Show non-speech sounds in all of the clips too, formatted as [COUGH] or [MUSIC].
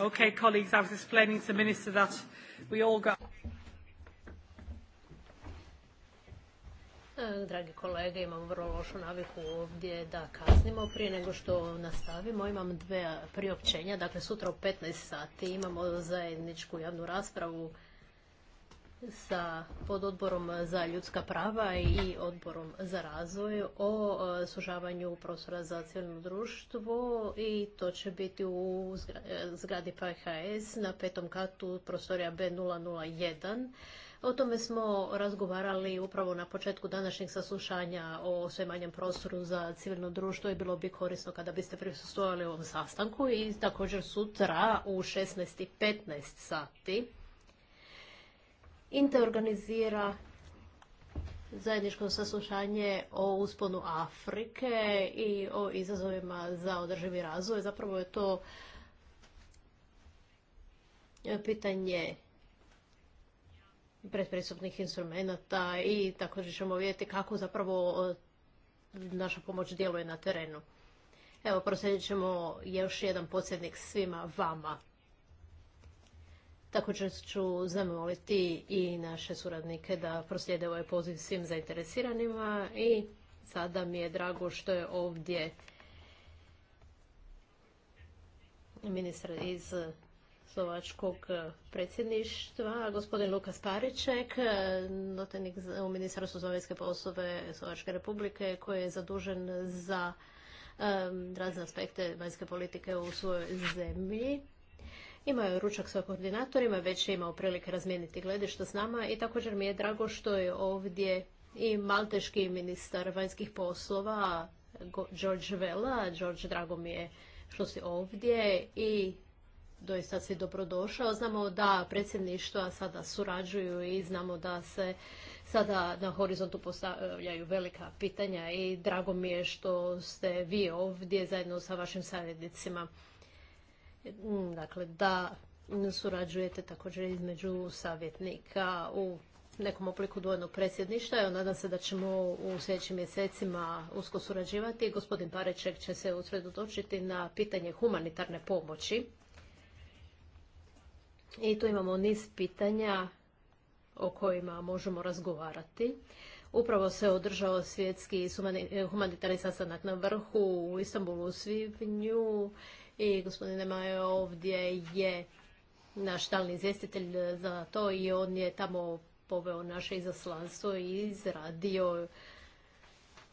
Okay, colleagues, I was explaining to the Minister that we all got... E, dragi kolege, imam vrlo lošu naviku ovdje da kasnimo. Prije nego što nastavimo, imam dve priopćenja. Dakle, sutra u 15 sati imamo zajedničku javnu raspravu sa pododborom za ljudska prava i odborom za razvoj o e, sužavanju prostora za civilno društvo i to će biti u e, zgradi PHS na petom katu prostorija B001. O tome smo razgovarali upravo na početku današnjeg saslušanja o sve manjem prostoru za civilno društvo i bilo bi korisno kada biste prisustvovali ovom sastanku i također sutra u 16.15 sati Inter organizira zajedničko saslušanje o usponu Afrike i o izazovima za održivi razvoj. Zapravo je to e, pitanje predpristupnih instrumenta i također ćemo vidjeti kako zapravo e, naša pomoć djeluje na terenu. Evo, proslijedit ćemo još jedan podsjednik svima vama. Također ću zamoliti i naše suradnike da proslijede ovaj poziv svim zainteresiranima i sada mi je drago što je ovdje ministar iz slovačkog predsjedništva, gospodin Lukas Pariček, notenik u Ministarstvu za vanjske poslove Slovačke republike, koji je zadužen za razne aspekte vanjske politike u svojoj zemlji imaju ručak sa koordinatorima, već je imao prilike razmijeniti gledišta s nama i također mi je drago što je ovdje i malteški ministar vanjskih poslova George Vela. George, drago mi je što si ovdje i doista si dobrodošao. Znamo da predsjedništva sada surađuju i znamo da se sada na horizontu postavljaju velika pitanja i drago mi je što ste vi ovdje zajedno sa vašim savjetnicima. Mm, dakle da surađujete također između savjetnika u nekom obliku dvojnog predsjedništva. Evo, nadam se da ćemo u sljedećim mjesecima usko surađivati. Gospodin Pareček će se usredotočiti na pitanje humanitarne pomoći. I tu imamo niz pitanja o kojima možemo razgovarati. Upravo se održao svjetski humanitarni sastanak na vrhu u Istanbulu u svibnju i gospodine Majo ovdje je naš stalni izvjestitelj za to i on je tamo poveo naše izaslanstvo i izradio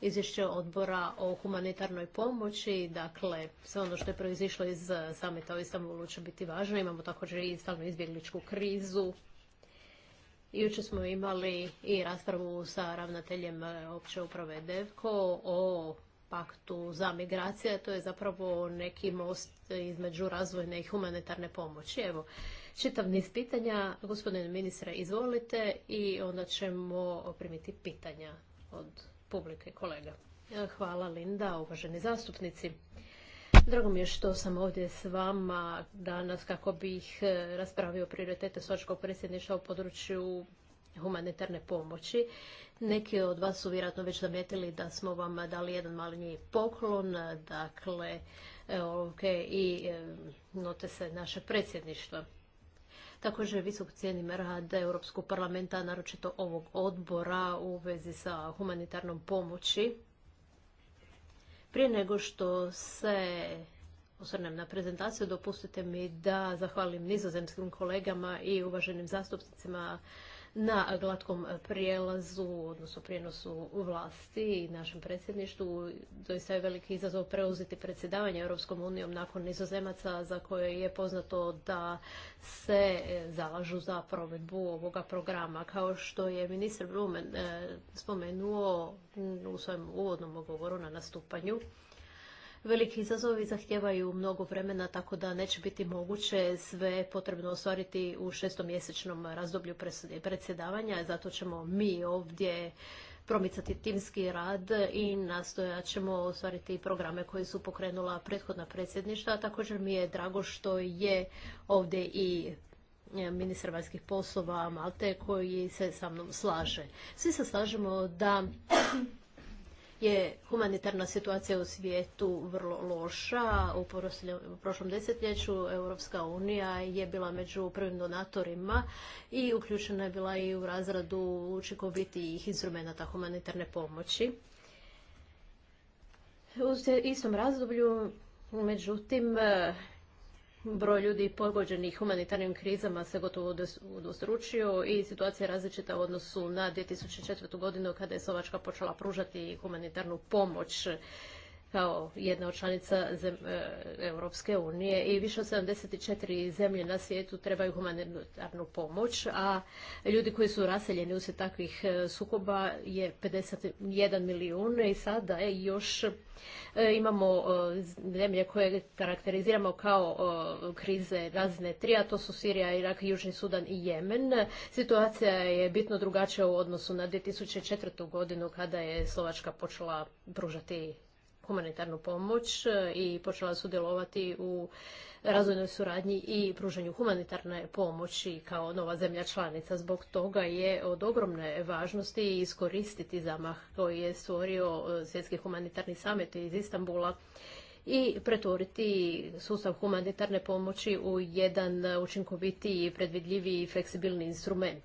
izvješće odbora o humanitarnoj pomoći. Dakle, sve ono što je proizišlo iz sameta o Istanbulu će biti važno. Imamo također i stalnu izbjegličku krizu. Jučer smo imali i raspravu sa ravnateljem opće uprave DEVKO o paktu za migracije, to je zapravo neki most između razvojne i humanitarne pomoći. Evo, čitav niz pitanja. Gospodine ministre, izvolite i onda ćemo primiti pitanja od publike kolega. E, hvala Linda, uvaženi zastupnici. Drago mi je što sam ovdje s vama danas kako bih e, raspravio prioritete Sočkog predsjedništva u području humanitarne pomoći. Neki od vas su vjerojatno već zamijetili da smo vam dali jedan mali poklon, dakle, okay, i e, note se naše predsjedništvo. Također visoko cijenim rad Europskog parlamenta, naročito ovog odbora u vezi sa humanitarnom pomoći. Prije nego što se osvrnem na prezentaciju, dopustite mi da zahvalim nizozemskim kolegama i uvaženim zastupnicima na glatkom prijelazu, odnosno prijenosu vlasti i našem predsjedništvu. Doista je veliki izazov preuzeti predsjedavanje Europskom unijom nakon nizozemaca za koje je poznato da se e, zalažu za provedbu ovoga programa. Kao što je ministar Blumen e, spomenuo u svojem uvodnom govoru na nastupanju, Veliki izazovi zahtijevaju mnogo vremena, tako da neće biti moguće sve potrebno ostvariti u šestomjesečnom razdoblju predsjedavanja. Zato ćemo mi ovdje promicati timski rad i nastojat ćemo ostvariti programe koje su pokrenula prethodna predsjedništva. Također mi je drago što je ovdje i e, ministar vanjskih poslova Malte koji se sa mnom slaže. Svi se slažemo da je humanitarna situacija u svijetu vrlo loša. U, prošlom desetljeću Europska unija je bila među prvim donatorima i uključena je bila i u razradu učinkovitijih instrumenta humanitarne pomoći. U istom razdoblju, međutim, broj ljudi pogođenih humanitarnim krizama se gotovo udostručio i situacija je različita u odnosu na 2004. godinu kada je Slovačka počela pružati humanitarnu pomoć kao jedna od članica e, Europske unije i više od 74 zemlje na svijetu trebaju humanitarnu pomoć, a ljudi koji su raseljeni usred takvih e, sukoba je 51 milijuna i sada je još E, imamo e, zemlje koje karakteriziramo kao e, krize razne tri, a to su Sirija, Irak, Južni Sudan i Jemen. Situacija je bitno drugačija u odnosu na 2004. godinu kada je Slovačka počela pružati humanitarnu pomoć i počela sudjelovati u razvojnoj suradnji i pružanju humanitarne pomoći kao nova zemlja članica. Zbog toga je od ogromne važnosti iskoristiti zamah koji je stvorio e, Svjetski humanitarni samet iz Istambula i pretvoriti sustav humanitarne pomoći u jedan učinkovitiji, predvidljiviji i fleksibilni instrument.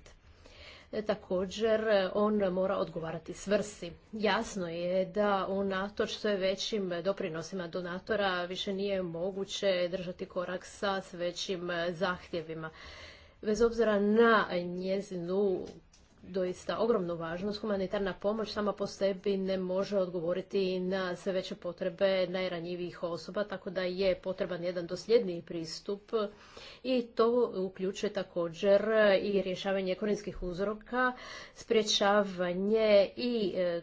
E, također, on mora odgovarati svrsi. Jasno je da unatoč sve većim doprinosima donatora više nije moguće držati korak sa sve većim zahtjevima. Bez obzira na njezinu doista ogromnu važnost. Humanitarna pomoć sama po sebi ne može odgovoriti na sve veće potrebe najranjivijih osoba, tako da je potreban jedan dosljedniji pristup i to uključuje također i rješavanje ekonomskih uzroka, sprječavanje i e,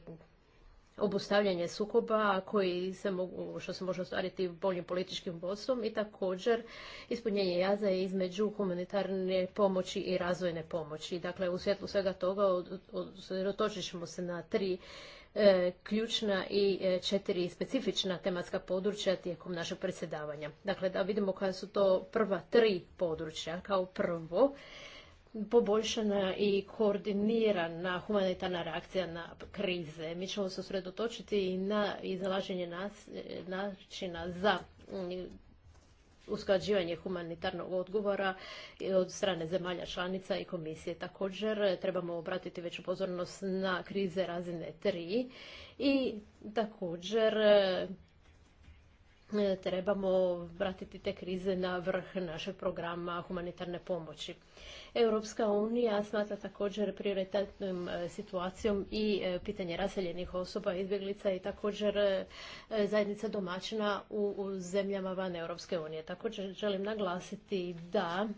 obustavljanje sukoba koji se mogu, što se može ostvariti boljim političkim vodstvom i također ispunjenje jaza između humanitarne pomoći i razvojne pomoći. Dakle, u svjetlu svega toga usredotočit ćemo se na tri e, ključna i e, četiri specifična tematska područja tijekom našeg predsjedavanja. Dakle, da vidimo koja su to prva tri područja. Kao prvo, poboljšana i koordinirana humanitarna reakcija na krize. Mi ćemo se usredotočiti i na izlaženje načina za mm, usklađivanje humanitarnog odgovora od strane zemalja članica i komisije. Također trebamo obratiti veću pozornost na krize razine 3 i također E, trebamo vratiti te krize na vrh našeg programa humanitarne pomoći. Europska unija smatra također prioritetnom e, situacijom i e, pitanje raseljenih osoba, izbjeglica i također zajednica domaćina u zemljama van Europske unije. Također želim naglasiti da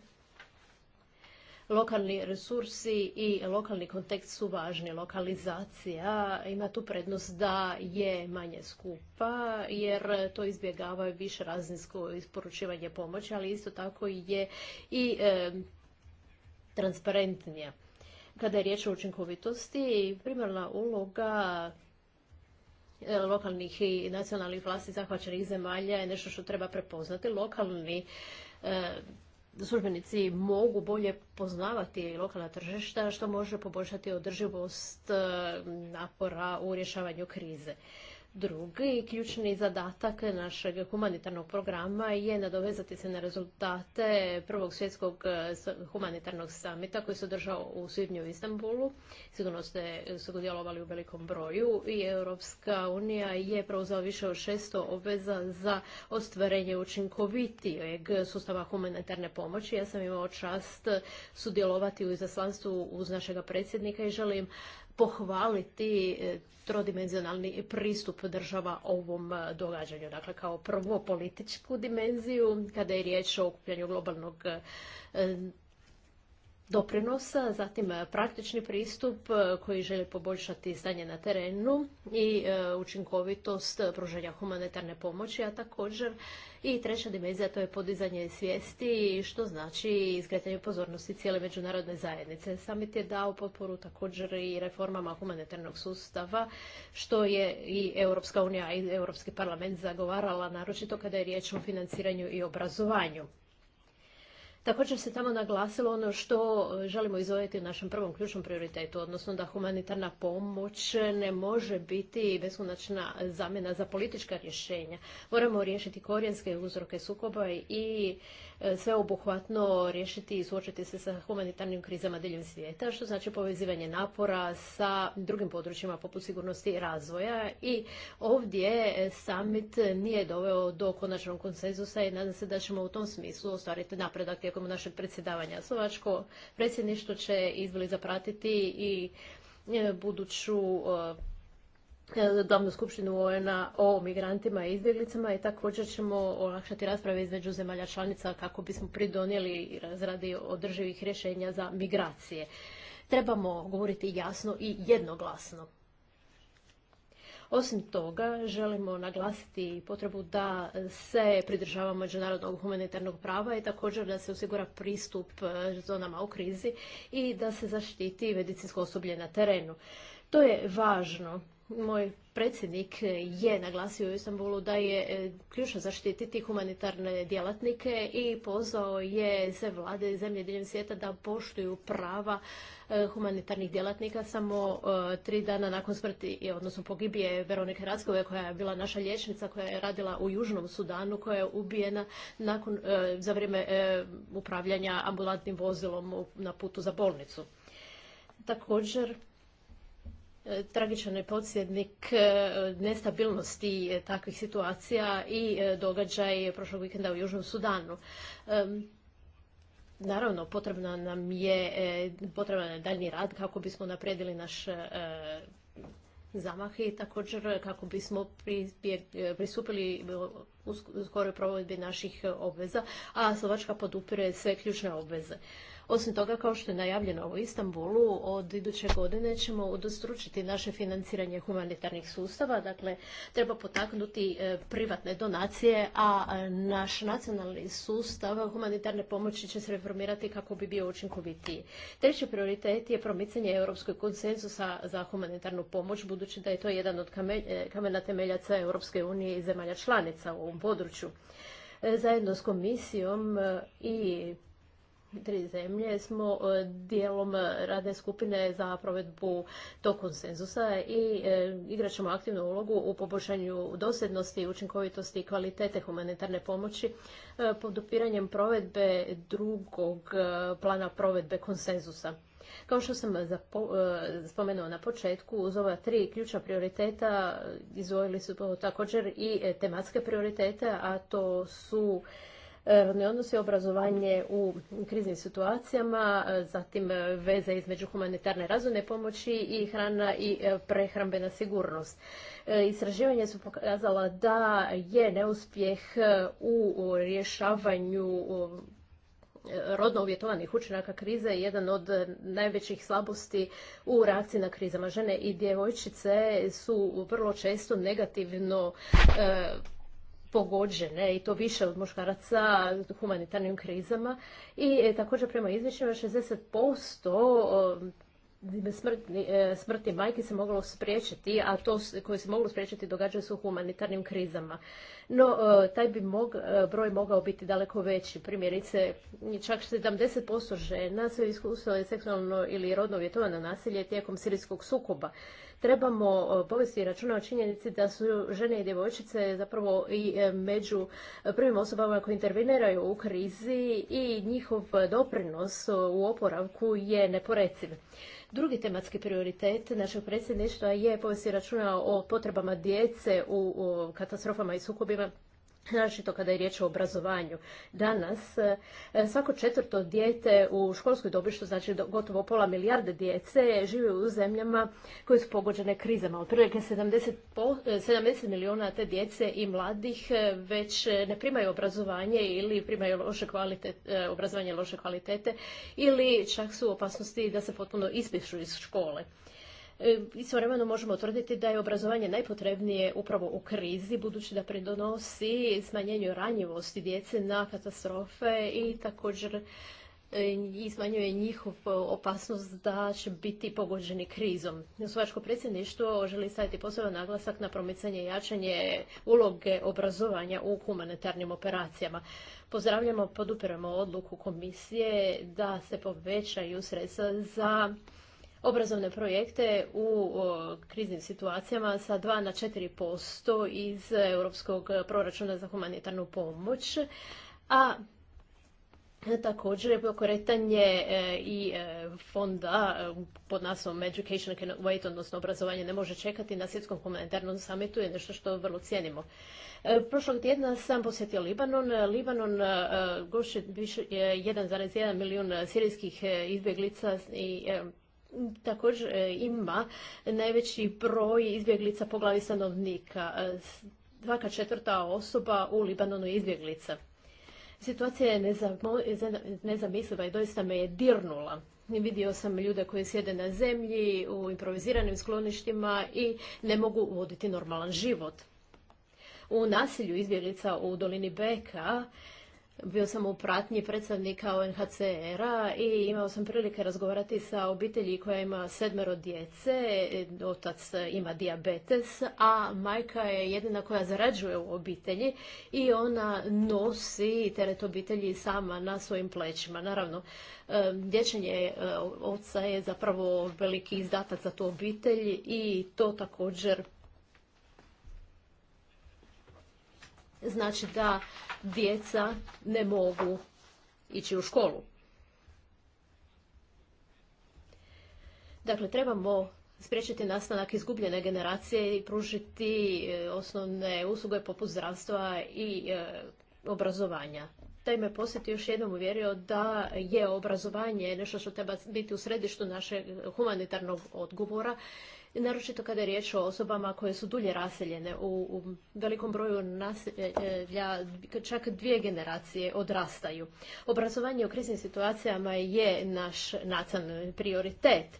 lokalni resursi i lokalni kontekst su važni. Lokalizacija ima tu prednost da je manje skupa jer to izbjegava više razinsko isporučivanje pomoći, ali isto tako je i e, transparentnija. Kada je riječ o učinkovitosti, primarna uloga e, lokalnih i nacionalnih vlasti zahvaćenih zemalja je nešto što treba prepoznati. Lokalni e, službenici mogu bolje poznavati lokalna tržišta što može poboljšati održivost eh, napora u rješavanju krize. Drugi ključni zadatak našeg humanitarnog programa je nadovezati se na rezultate Prvog svjetskog eh, humanitarnog samita koji se održao u svibnju u Istanbulu. Sigurno ste sudjelovali u velikom broju i Europska unija je preuzela više od 600 obveza za ostvarenje učinkovitijeg sustava humanitarne pomoći. Ja sam imao čast sudjelovati u izaslanstvu uz našega predsjednika i želim pohvaliti e, trodimenzionalni pristup država ovom e, događanju. Dakle, kao prvo političku dimenziju, kada je riječ o okupljanju globalnog e, doprinosa, zatim e, praktični pristup e, koji želi poboljšati stanje na terenu i e, učinkovitost pružanja humanitarne pomoći, a također i treća dimenzija to je podizanje svijesti što znači izgretanje pozornosti cijele međunarodne zajednice. Samit je dao potporu također i reformama humanitarnog sustava što je i Europska unija i Europski parlament zagovarala naročito kada je riječ o financiranju i obrazovanju. Također se tamo naglasilo ono što e, želimo izvojiti u našem prvom ključnom prioritetu, odnosno da humanitarna pomoć ne može biti beskonačna zamjena za politička rješenja. Moramo riješiti korijenske uzroke sukoba i E, sveobuhvatno riješiti i suočiti se sa humanitarnim krizama diljem svijeta, što znači povezivanje napora sa drugim područjima poput sigurnosti i razvoja. I ovdje e, summit nije doveo do konačnog konsenzusa i nadam se da ćemo u tom smislu ostvariti napredak tijekom našeg predsjedavanja. Slovačko predsjedništvo će izbili zapratiti i e, buduću E, glavnu skupštinu un o migrantima i izbjeglicama i također ćemo olakšati rasprave između zemalja članica kako bismo pridonijeli razradi održivih rješenja za migracije. Trebamo govoriti jasno i jednoglasno. Osim toga, želimo naglasiti potrebu da se pridržava međunarodnog humanitarnog prava i također da se osigura pristup e, zonama u krizi i da se zaštiti medicinsko osoblje na terenu. To je važno moj predsjednik je naglasio u Istanbulu da je e, ključno zaštititi humanitarne djelatnike i pozvao je sve vlade i zemlje diljem svijeta da poštuju prava e, humanitarnih djelatnika samo e, tri dana nakon smrti, odnosno pogibije Veronike Rackove koja je bila naša liječnica koja je radila u Južnom Sudanu koja je ubijena nakon, za vrijeme upravljanja ambulantnim vozilom na putu za bolnicu. Također, E, tragičan je podsjednik e, nestabilnosti e, takvih situacija i događaj prošlog vikenda u Južnom Sudanu. Naravno, potrebna nam je, potreban je daljni rad kako bismo naprijedili naš zamah i također kako bismo pristupili u skoroj provedbi naših obveza, a Slovačka podupire sve ključne obveze. Osim toga, kao što je najavljeno u Istanbulu, od iduće godine ćemo udostručiti naše financiranje humanitarnih sustava. Dakle, treba potaknuti e, privatne donacije, a e, naš nacionalni sustav humanitarne pomoći će se reformirati kako bi bio učinkovitiji. Treći prioritet je promicanje europskog konsenzusa za humanitarnu pomoć, budući da je to jedan od e, kamena temeljaca Europske unije i zemalja članica u ovom području. Zajedno s komisijom i tri zemlje smo e, dijelom e, radne skupine za provedbu tog konsenzusa i e, igrat ćemo aktivnu ulogu u poboljšanju dosljednosti, učinkovitosti i kvalitete humanitarne pomoći podupiranjem provedbe drugog plana provedbe konsenzusa. Kao što sam spomenuo na početku, uz ova tri ključna prioriteta izvojili su također i tematske prioritete, a to su E, ne odnosi, obrazovanje u kriznim situacijama, e, zatim e, veze između humanitarne razvojne pomoći i hrana i prehrambena sigurnost. Istraživanje su pokazala da je neuspjeh u rješavanju rodno uvjetovanih učinaka krize jedan od najvećih slabosti u reakciji na krizama. Žene i djevojčice su vrlo često negativno pogođene i to više od muškaraca humanitarnim krizama i e, također prema izvješćima 60% e, e, smrti majke se moglo spriječiti, a to koje se moglo spriječiti događaju se u humanitarnim krizama. No, taj bi mog, broj mogao biti daleko veći. Primjerice, čak 70% žena su iskusile seksualno ili rodno uvjetovano nasilje tijekom sirijskog sukoba trebamo e, povesti računa o činjenici da su žene i djevojčice zapravo i e, među prvim osobama koje interveniraju u krizi i njihov doprinos u oporavku je neporeciv. Drugi tematski prioritet našeg predsjedništva je povesti računa o potrebama djece u katastrofama i sukobima naročito kada je riječ o obrazovanju. Danas e, svako četvrto dijete u školskoj dobi, što znači gotovo pola milijarde djece, žive u zemljama koje su pogođene krizama. Otprilike 70, 70 e, milijuna te djece i mladih e, već ne primaju obrazovanje ili primaju loše obrazovanje loše kvalitete ili čak su u opasnosti da se potpuno ispišu iz škole. E, istovremeno možemo tvrditi da je obrazovanje najpotrebnije upravo u krizi, budući da pridonosi smanjenju ranjivosti djece na katastrofe i također e, i smanjuje njihov e, opasnost da će biti pogođeni krizom. Slovačko predsjedništvo želi staviti poseban naglasak na promicanje i jačanje uloge obrazovanja u humanitarnim operacijama. Pozdravljamo, podupiramo odluku komisije da se povećaju sredstva za obrazovne projekte u kriznim situacijama sa 2 na 4% iz Europskog proračuna za humanitarnu pomoć, a također pokretanje e, i e, fonda e, pod naslovom Education Can Wait, odnosno obrazovanje ne može čekati na svjetskom humanitarnom samitu je nešto što vrlo cijenimo. Prošlog tjedna sam posjetio Libanon. Libanon je 1,1 milijun sirijskih izbjeglica i također e, ima najveći broj izbjeglica po glavi stanovnika. E, Svaka četvrta osoba u Libanonu je izbjeglica. Situacija je nezamisliva i doista me je dirnula. Vidio sam ljude koji sjede na zemlji u improviziranim skloništima i ne mogu voditi normalan život. U nasilju izbjeglica u dolini Beka bio sam u pratnji predstavnika UNHCR-a i imao sam prilike razgovarati sa obitelji koja ima sedmero djece, otac ima dijabetes, a majka je jedina koja zarađuje u obitelji i ona nosi teret obitelji sama na svojim plećima. Naravno, dječanje e, e, oca je zapravo veliki izdatak za tu obitelj i to također znači da djeca ne mogu ići u školu. Dakle, trebamo spriječiti nastanak izgubljene generacije i pružiti e, osnovne usluge poput zdravstva i e, obrazovanja. Taj me posjeti još jednom uvjerio da je obrazovanje nešto što treba biti u središtu našeg humanitarnog odgovora naročito kada je riječ o osobama koje su dulje raseljene u, velikom broju naselja, čak dvije generacije odrastaju. Obrazovanje u kriznim situacijama je naš nacionalni prioritet.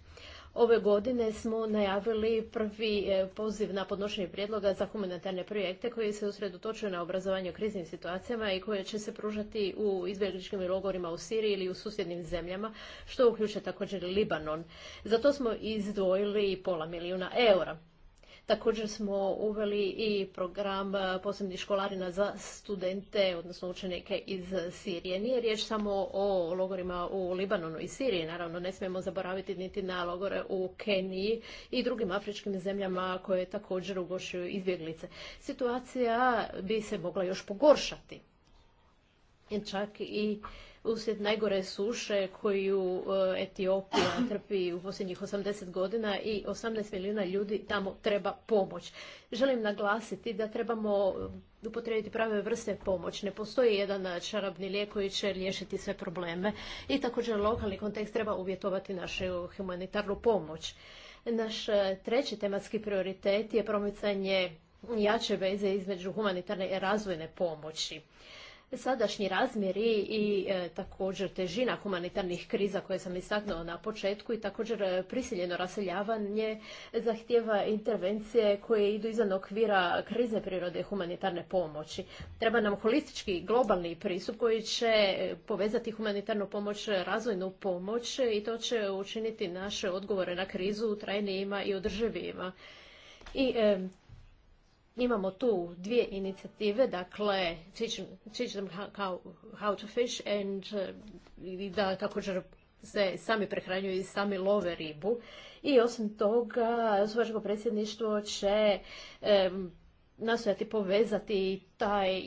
Ove godine smo najavili prvi e, poziv na podnošenje prijedloga za humanitarne projekte koji se usredotočuju na obrazovanje u kriznim situacijama i koje će se pružati u izbjegličkim logorima u Siriji ili u susjednim zemljama, što uključuje također Libanon. Za to smo izdvojili pola milijuna eura. Također smo uveli i program e, posebnih školarina za studente, odnosno učenike iz Sirije. Nije riječ samo o logorima u Libanonu i Siriji, naravno ne smijemo zaboraviti niti na logore u Keniji i drugim afričkim zemljama koje također ugošuju izbjeglice. Situacija bi se mogla još pogoršati. Čak i uslijed najgore suše koju e, Etiopija trpi u posljednjih 80 godina i 18 milijuna ljudi tamo treba pomoć. Želim naglasiti da trebamo e, upotrijebiti prave vrste pomoć. Ne postoji jedan e, čarobni lijek koji će riješiti sve probleme i također lokalni kontekst treba uvjetovati našu humanitarnu pomoć. Naš treći tematski prioritet je promicanje jače veze između humanitarne i razvojne pomoći sadašnji razmjeri i e, također težina humanitarnih kriza koje sam istaknula na početku i također e, prisiljeno raseljavanje zahtjeva intervencije koje idu izvan okvira krizne prirode i humanitarne pomoći. Treba nam holistički globalni pristup koji će e, povezati humanitarnu pomoć, razvojnu pomoć i to će učiniti naše odgovore na krizu trajnijima i održivijima. I Imamo tu dvije inicijative, dakle Teach them how, to fish and uh, da također se sami prehranjuju i sami love ribu. I osim toga, Slovačko predsjedništvo će nastojati povezati taj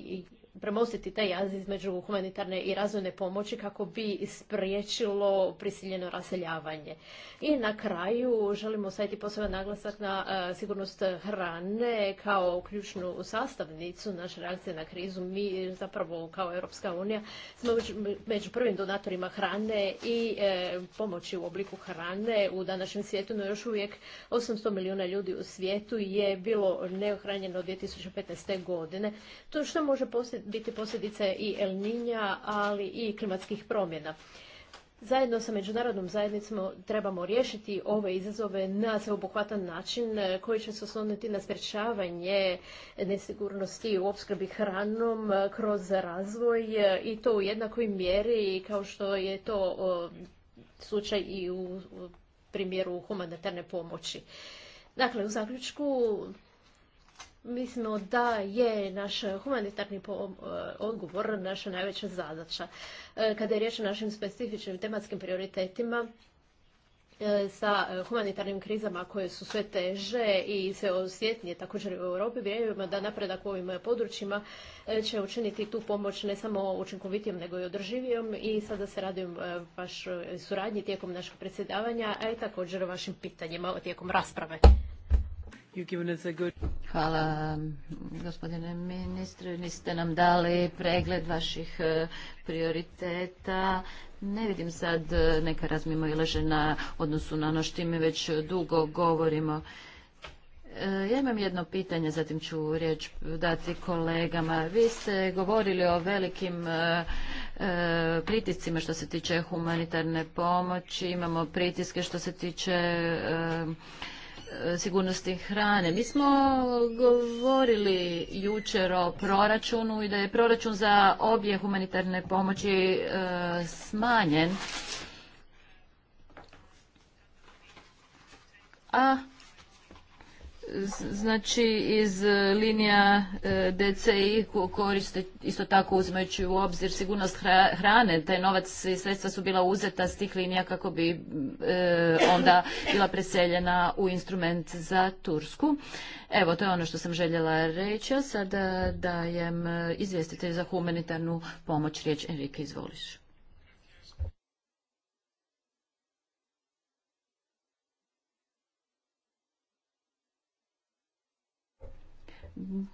premostiti taj jaz između humanitarne i razvojne pomoći kako bi spriječilo prisiljeno raseljavanje. I na kraju želimo staviti poseban naglasak na e, sigurnost hrane kao ključnu sastavnicu naše reakcije na krizu. Mi zapravo kao Europska unija smo među prvim donatorima hrane i e, pomoći u obliku hrane u današnjem svijetu, no još uvijek 800 milijuna ljudi u svijetu je bilo neohranjeno 2015. godine. To što može postati biti posljedice i El Niña, ali i klimatskih promjena. Zajedno sa međunarodnom zajednicom trebamo riješiti ove izazove na sveobuhvatan način e, koji će se osnovniti na sprječavanje nesigurnosti u opskrbi hranom e, kroz razvoj e, i to u jednakoj mjeri kao što je to slučaj i u primjeru humanitarne pomoći. Dakle, u zaključku mislimo da je naš humanitarni odgovor naša najveća zadaća. E, kada je riječ o našim specifičnim tematskim prioritetima, e, sa humanitarnim krizama koje su sve teže i sve osjetnije također u Europi, vjerujemo da napredak u ovim područjima e, će učiniti tu pomoć ne samo učinkovitijom nego i održivijom i sada se radujem vaš suradnji tijekom našeg predsjedavanja, a i također vašim pitanjima tijekom rasprave. Hvala gospodine ministre, niste nam dali pregled vaših e, prioriteta. Ne vidim sad e, neka razmimo ilaže na odnosu na ono što mi već dugo govorimo. E, ja imam jedno pitanje, zatim ću riječ dati kolegama. Vi ste govorili o velikim pritiscima što se tiče humanitarne pomoći, imamo pritiske što se tiče sigurnosti hrane. Mi smo govorili jučer o proračunu i da je proračun za obje humanitarne pomoći e, smanjen. A Znači iz e, linija e, DCI koriste isto tako uzmeći u obzir sigurnost hrane. Taj novac i sredstva su bila uzeta s tih linija kako bi e, onda bila preseljena u instrument za Tursku. Evo, to je ono što sam željela reći. A sada dajem izvjestitelj za humanitarnu pomoć riječ. Enrike, izvoliš.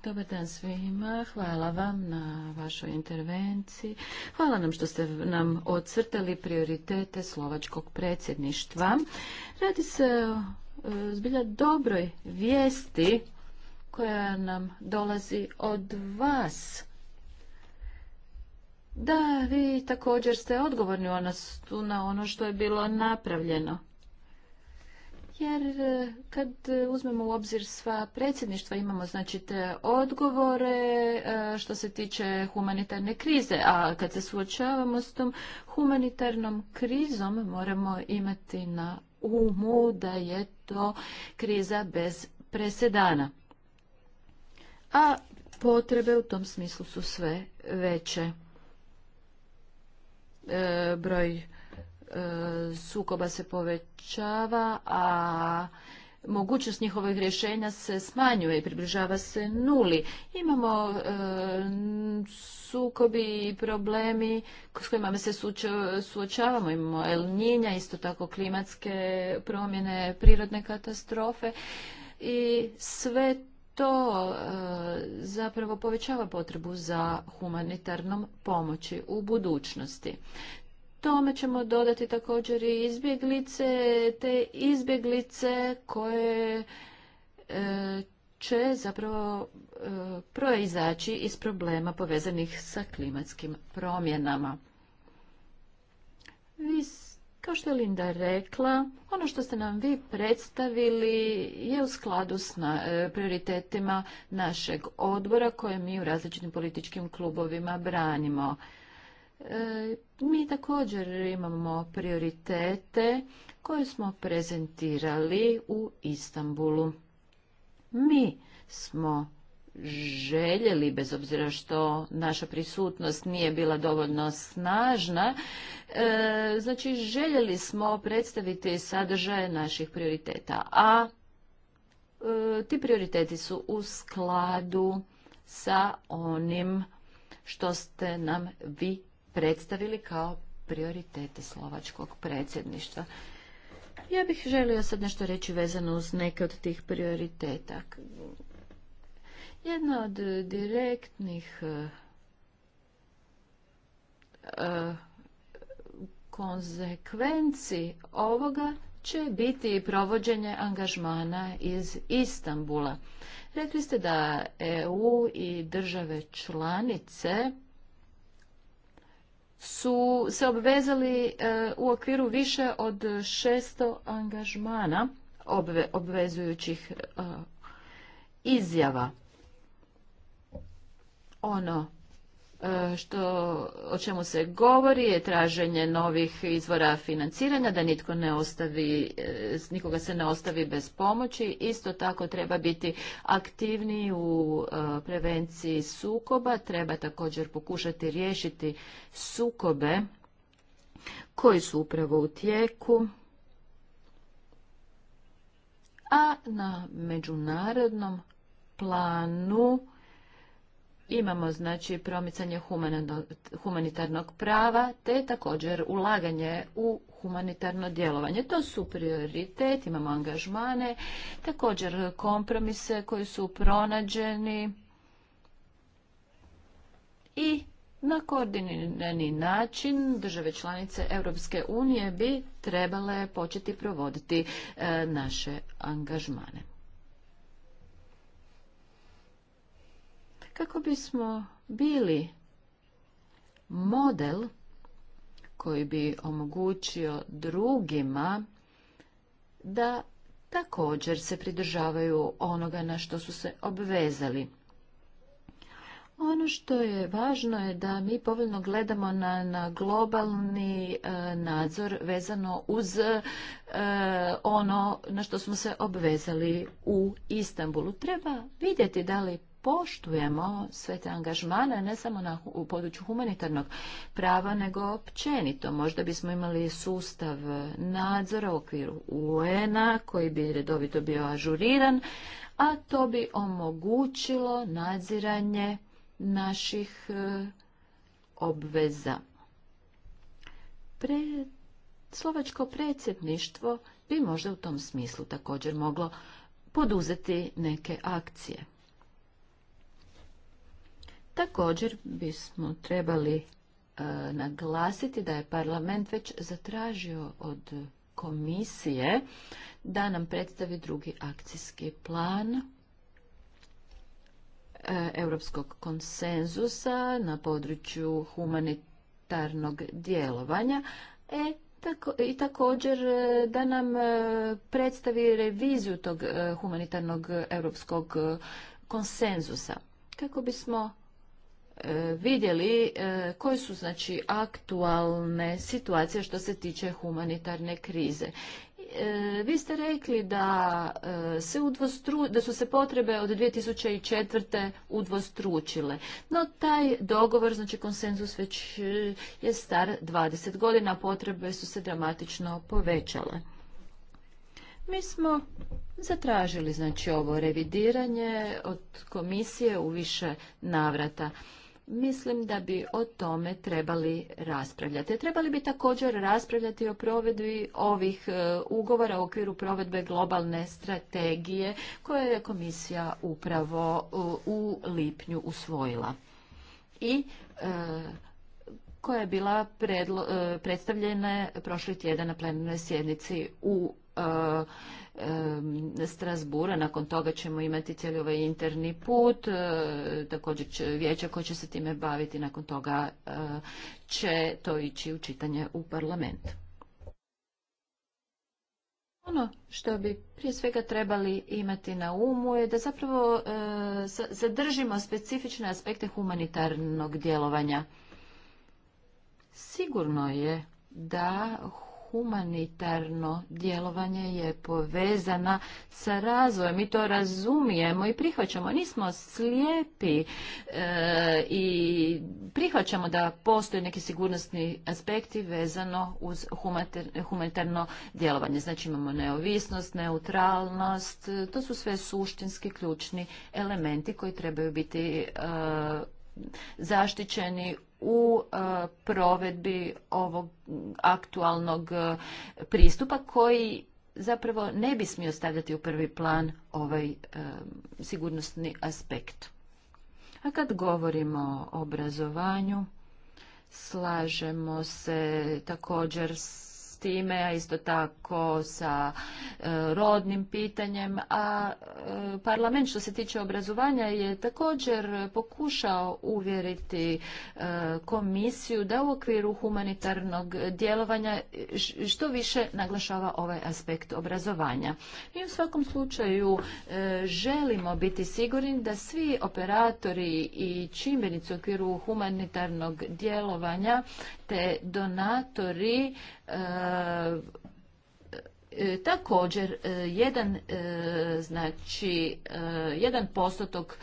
Dobar dan svima, hvala vam na vašoj intervenciji. Hvala nam što ste nam ocrtali prioritete slovačkog predsjedništva. Radi se o e, zbilja dobroj vijesti koja nam dolazi od vas. Da, vi također ste odgovorni na ono što je bilo napravljeno jer e, kad uzmemo u obzir sva predsjedništva imamo znači te odgovore e, što se tiče humanitarne krize, a kad se suočavamo s tom humanitarnom krizom moramo imati na umu da je to kriza bez presedana. A potrebe u tom smislu su sve veće. E, broj sukoba se povećava, a mogućnost njihovih rješenja se smanjuje i približava se nuli. Imamo e, sukobi i problemi s kojima se suočavamo. Imamo El isto tako klimatske promjene, prirodne katastrofe i sve to e, zapravo povećava potrebu za humanitarnom pomoći u budućnosti. Tome ćemo dodati također i izbjeglice, te izbjeglice koje e, će zapravo e, proizaći iz problema povezanih sa klimatskim promjenama. Vi, kao što je Linda rekla, ono što ste nam vi predstavili je u skladu s na, e, prioritetima našeg odbora koje mi u različitim političkim klubovima branimo. E, mi također imamo prioritete koje smo prezentirali u Istanbulu. Mi smo željeli, bez obzira što naša prisutnost nije bila dovoljno snažna, e, znači željeli smo predstaviti sadržaje naših prioriteta, a e, ti prioriteti su u skladu sa onim što ste nam vi predstavili kao prioritete slovačkog predsjedništva. Ja bih želio sad nešto reći vezano uz neke od tih prioriteta. Jedna od direktnih eh, eh, konsekvenci ovoga će biti provođenje angažmana iz Istambula. Rekli ste da EU i države članice su se obvezali e, u okviru više od 600 angažmana obvezujućih e, izjava. Ono E, što, o čemu se govori je traženje novih izvora financiranja, da nitko ne ostavi, e, nikoga se ne ostavi bez pomoći. Isto tako treba biti aktivniji u e, prevenciji sukoba, treba također pokušati riješiti sukobe koji su upravo u tijeku. A na međunarodnom planu Imamo znači promicanje humanitarnog prava te također ulaganje u humanitarno djelovanje. To su prioritet, imamo angažmane, također kompromise koji su pronađeni i na koordinirani način države članice Europske unije bi trebale početi provoditi e, naše angažmane. kako bismo bili model koji bi omogućio drugima da također se pridržavaju onoga na što su se obvezali. Ono što je važno je da mi povoljno gledamo na, na globalni e, nadzor vezano uz e, ono na što smo se obvezali u Istanbulu. Treba vidjeti da li poštujemo sve te angažmane, ne samo na, u području humanitarnog prava, nego općenito. Možda bismo imali sustav nadzora u okviru UN-a koji bi redovito bio ažuriran, a to bi omogućilo nadziranje naših e, obveza. Pre, Slovačko predsjedništvo bi možda u tom smislu također moglo poduzeti neke akcije. Također bismo trebali e, naglasiti da je parlament već zatražio od komisije da nam predstavi drugi akcijski plan e, europskog konsenzusa na području humanitarnog djelovanja e, tako, i također e, da nam predstavi reviziju tog humanitarnog europskog konsenzusa kako bismo E, vidjeli e, koje su znači aktualne situacije što se tiče humanitarne krize. E, vi ste rekli da, se udvostru, da su se potrebe od 2004. udvostručile, no taj dogovor, znači konsenzus već je star 20 godina, potrebe su se dramatično povećale. Mi smo zatražili znači ovo revidiranje od komisije u više navrata mislim da bi o tome trebali raspravljati. Trebali bi također raspravljati o provedbi ovih e, ugovora u okviru provedbe globalne strategije koje je komisija upravo e, u lipnju usvojila. I e, koja je bila predstavljena prošli tjedan na plenarnoj sjednici u Strasbura, nakon toga ćemo imati cijeli ovaj interni put, e, također će vijeće koje će se time baviti, nakon toga e, će to ići u čitanje u parlament. Ono što bi prije svega trebali imati na umu je da zapravo e, zadržimo specifične aspekte humanitarnog djelovanja. Sigurno je da humanitarno djelovanje je povezana sa razvojem. Mi to razumijemo i prihvaćamo. Nismo slijepi e, i prihvaćamo da postoje neki sigurnosni aspekti vezano uz humanitarno djelovanje. Znači imamo neovisnost, neutralnost. To su sve suštinski ključni elementi koji trebaju biti e, zaštićeni u e, provedbi ovog aktualnog e, pristupa koji zapravo ne bi smio stavljati u prvi plan ovaj e, sigurnosni aspekt. A kad govorimo o obrazovanju, slažemo se također s time, a isto tako sa e, rodnim pitanjem, a e, parlament što se tiče obrazovanja je također pokušao uvjeriti e, komisiju da u okviru humanitarnog djelovanja što više naglašava ovaj aspekt obrazovanja. Mi u svakom slučaju želimo biti sigurni da svi operatori i čimbenici u okviru humanitarnog djelovanja te donatori E, e, također e, jedan znači jedan postotok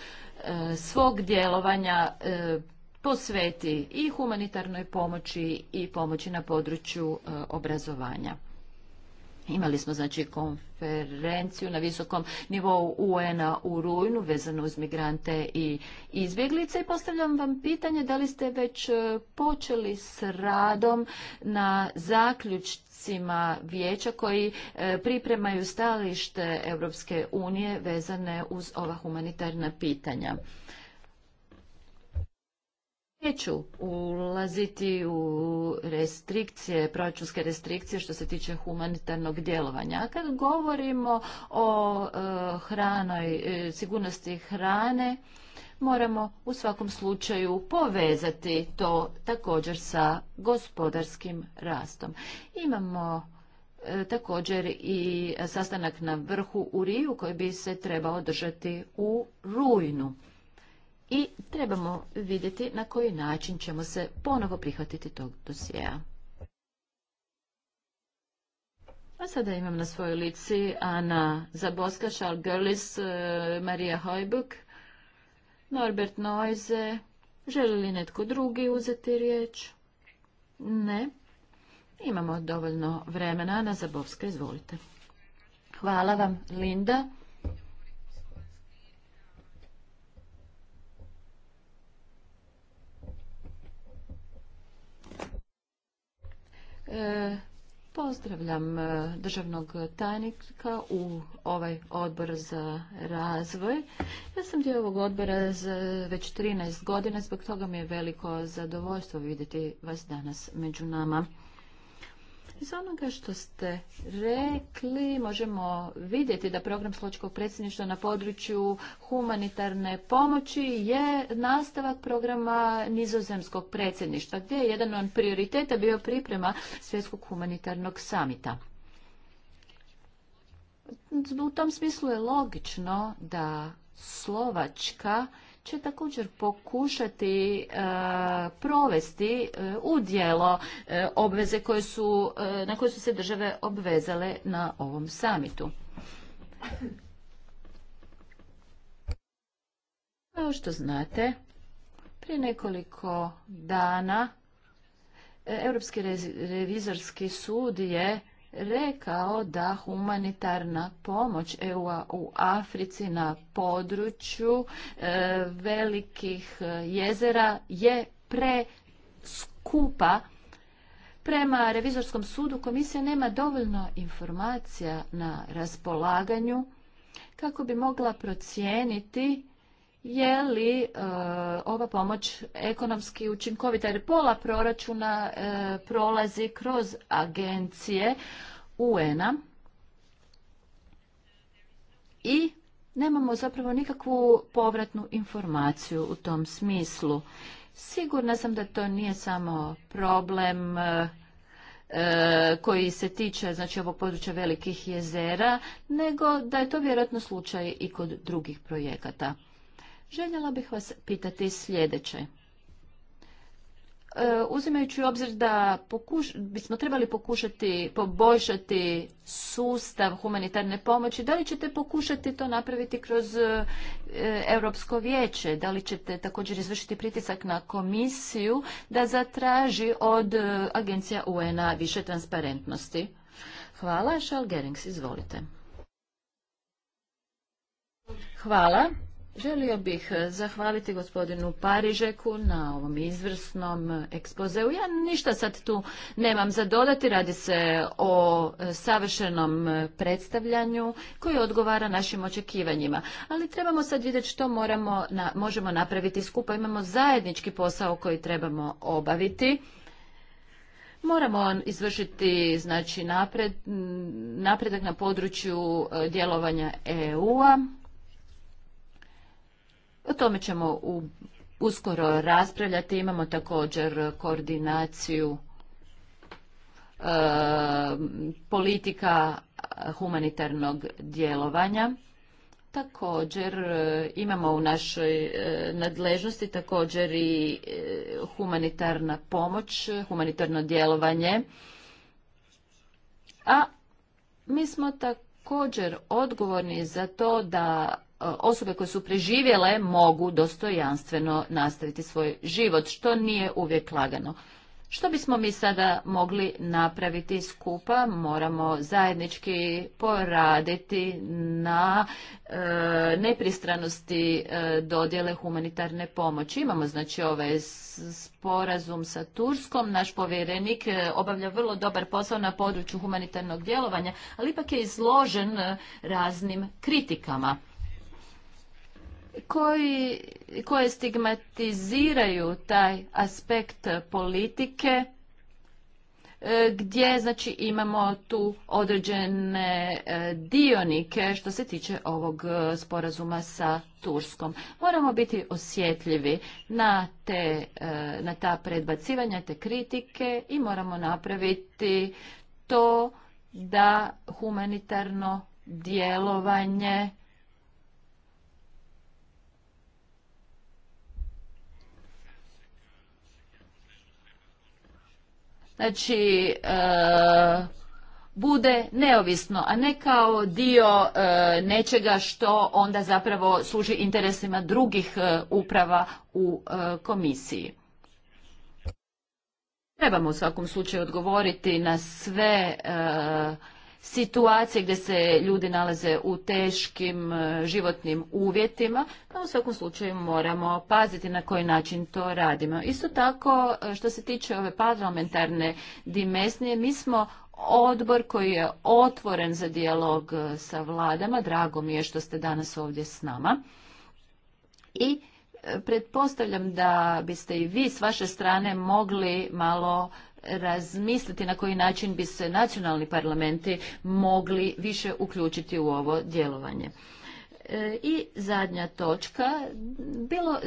svog djelovanja posveti i humanitarnoj pomoći i pomoći na području obrazovanja. Imali smo znači konferenciju na visokom nivou UN-a u rujnu vezano uz migrante i izbjeglice i postavljam vam pitanje da li ste već e, počeli s radom na zaključcima vijeća koji e, pripremaju stalište Europske unije vezane uz ova humanitarna pitanja neću ulaziti u restrikcije, proračunske restrikcije što se tiče humanitarnog djelovanja. A kad govorimo o e, hranoj, e, sigurnosti hrane, moramo u svakom slučaju povezati to također sa gospodarskim rastom. Imamo e, također i sastanak na vrhu u Riju koji bi se trebao održati u rujnu i trebamo vidjeti na koji način ćemo se ponovo prihvatiti tog dosijeja. A sada imam na svojoj lici Ana Zaboska, Charles Görlis, e, Marija Hojbuk, Norbert Noize. Želi li netko drugi uzeti riječ? Ne. Imamo dovoljno vremena. Ana Zabovska, izvolite. Hvala vam, Linda. E, pozdravljam e, državnog tajnika u ovaj odbor za razvoj. Ja sam dio ovog odbora za već 13 godina, zbog toga mi je veliko zadovoljstvo vidjeti vas danas među nama. Iz onoga što ste rekli možemo vidjeti da program Slovačkog predsjedništva na području humanitarne pomoći je nastavak programa nizozemskog predsjedništva gdje je jedan od prioriteta bio priprema svjetskog humanitarnog samita. U tom smislu je logično da Slovačka će također pokušati e, provesti e, u dijelo e, obveze na koje su se države obvezale na ovom samitu. Kao što znate, prije nekoliko dana Europski revizorski sud je rekao da humanitarna pomoć EU-a u Africi na području e, velikih e, jezera je preskupa. Prema revizorskom sudu komisija nema dovoljno informacija na raspolaganju kako bi mogla procijeniti je li e, ova pomoć ekonomski učinkovita jer pola proračuna e, prolazi kroz agencije UN-a i nemamo zapravo nikakvu povratnu informaciju u tom smislu. Sigurna sam da to nije samo problem e, koji se tiče znači ovog područja velikih jezera, nego da je to vjerojatno slučaj i kod drugih projekata. Željela bih vas pitati sljedeće. E, uzimajući u obzir da pokuš, bismo trebali pokušati poboljšati sustav humanitarne pomoći, da li ćete pokušati to napraviti kroz e, Europsko vijeće? Da li ćete također izvršiti pritisak na komisiju da zatraži od e, agencija UN-a više transparentnosti? Hvala. Shell izvolite. Hvala. Želio bih e, zahvaliti gospodinu Parižeku na ovom izvrsnom ekspozeu. Ja ništa sad tu nemam za dodati, radi se o e, savršenom e, predstavljanju koji odgovara našim očekivanjima. Ali trebamo sad vidjeti što moramo, na, možemo napraviti skupa. Imamo zajednički posao koji trebamo obaviti. Moramo izvršiti znači, napred, napredak na području djelovanja EU-a o tome ćemo u, uskoro raspravljati. Imamo također koordinaciju e, politika humanitarnog djelovanja. Također e, imamo u našoj e, nadležnosti također i humanitarna pomoć, humanitarno djelovanje. A mi smo također odgovorni za to da osobe koje su preživjele mogu dostojanstveno nastaviti svoj život, što nije uvijek lagano. Što bismo mi sada mogli napraviti skupa? Moramo zajednički poraditi na e, nepristranosti e, dodjele humanitarne pomoći. Imamo znači ovaj sporazum sa Turskom. Naš povjerenik e, obavlja vrlo dobar posao na području humanitarnog djelovanja, ali ipak je izložen raznim kritikama koji, koje stigmatiziraju taj aspekt politike e, gdje znači imamo tu određene e, dionike što se tiče ovog e, sporazuma sa Turskom. Moramo biti osjetljivi na, te, na ta predbacivanja, te kritike i moramo napraviti to da humanitarno djelovanje znači e, bude neovisno, a ne kao dio e, nečega što onda zapravo služi interesima drugih e, uprava u komisiji. Trebamo u svakom slučaju odgovoriti na sve situacije gdje se ljudi nalaze u teškim e, životnim uvjetima, pa u svakom slučaju moramo paziti na koji način to radimo. Isto tako, e, što se tiče ove parlamentarne dimesnije, mi smo odbor koji je otvoren za dijalog e, sa vladama. Drago mi je što ste danas ovdje s nama. I pretpostavljam da biste i vi s vaše strane mogli malo razmisliti na koji način bi se nacionalni parlamenti mogli više uključiti u ovo djelovanje. E, I zadnja točka, bilo,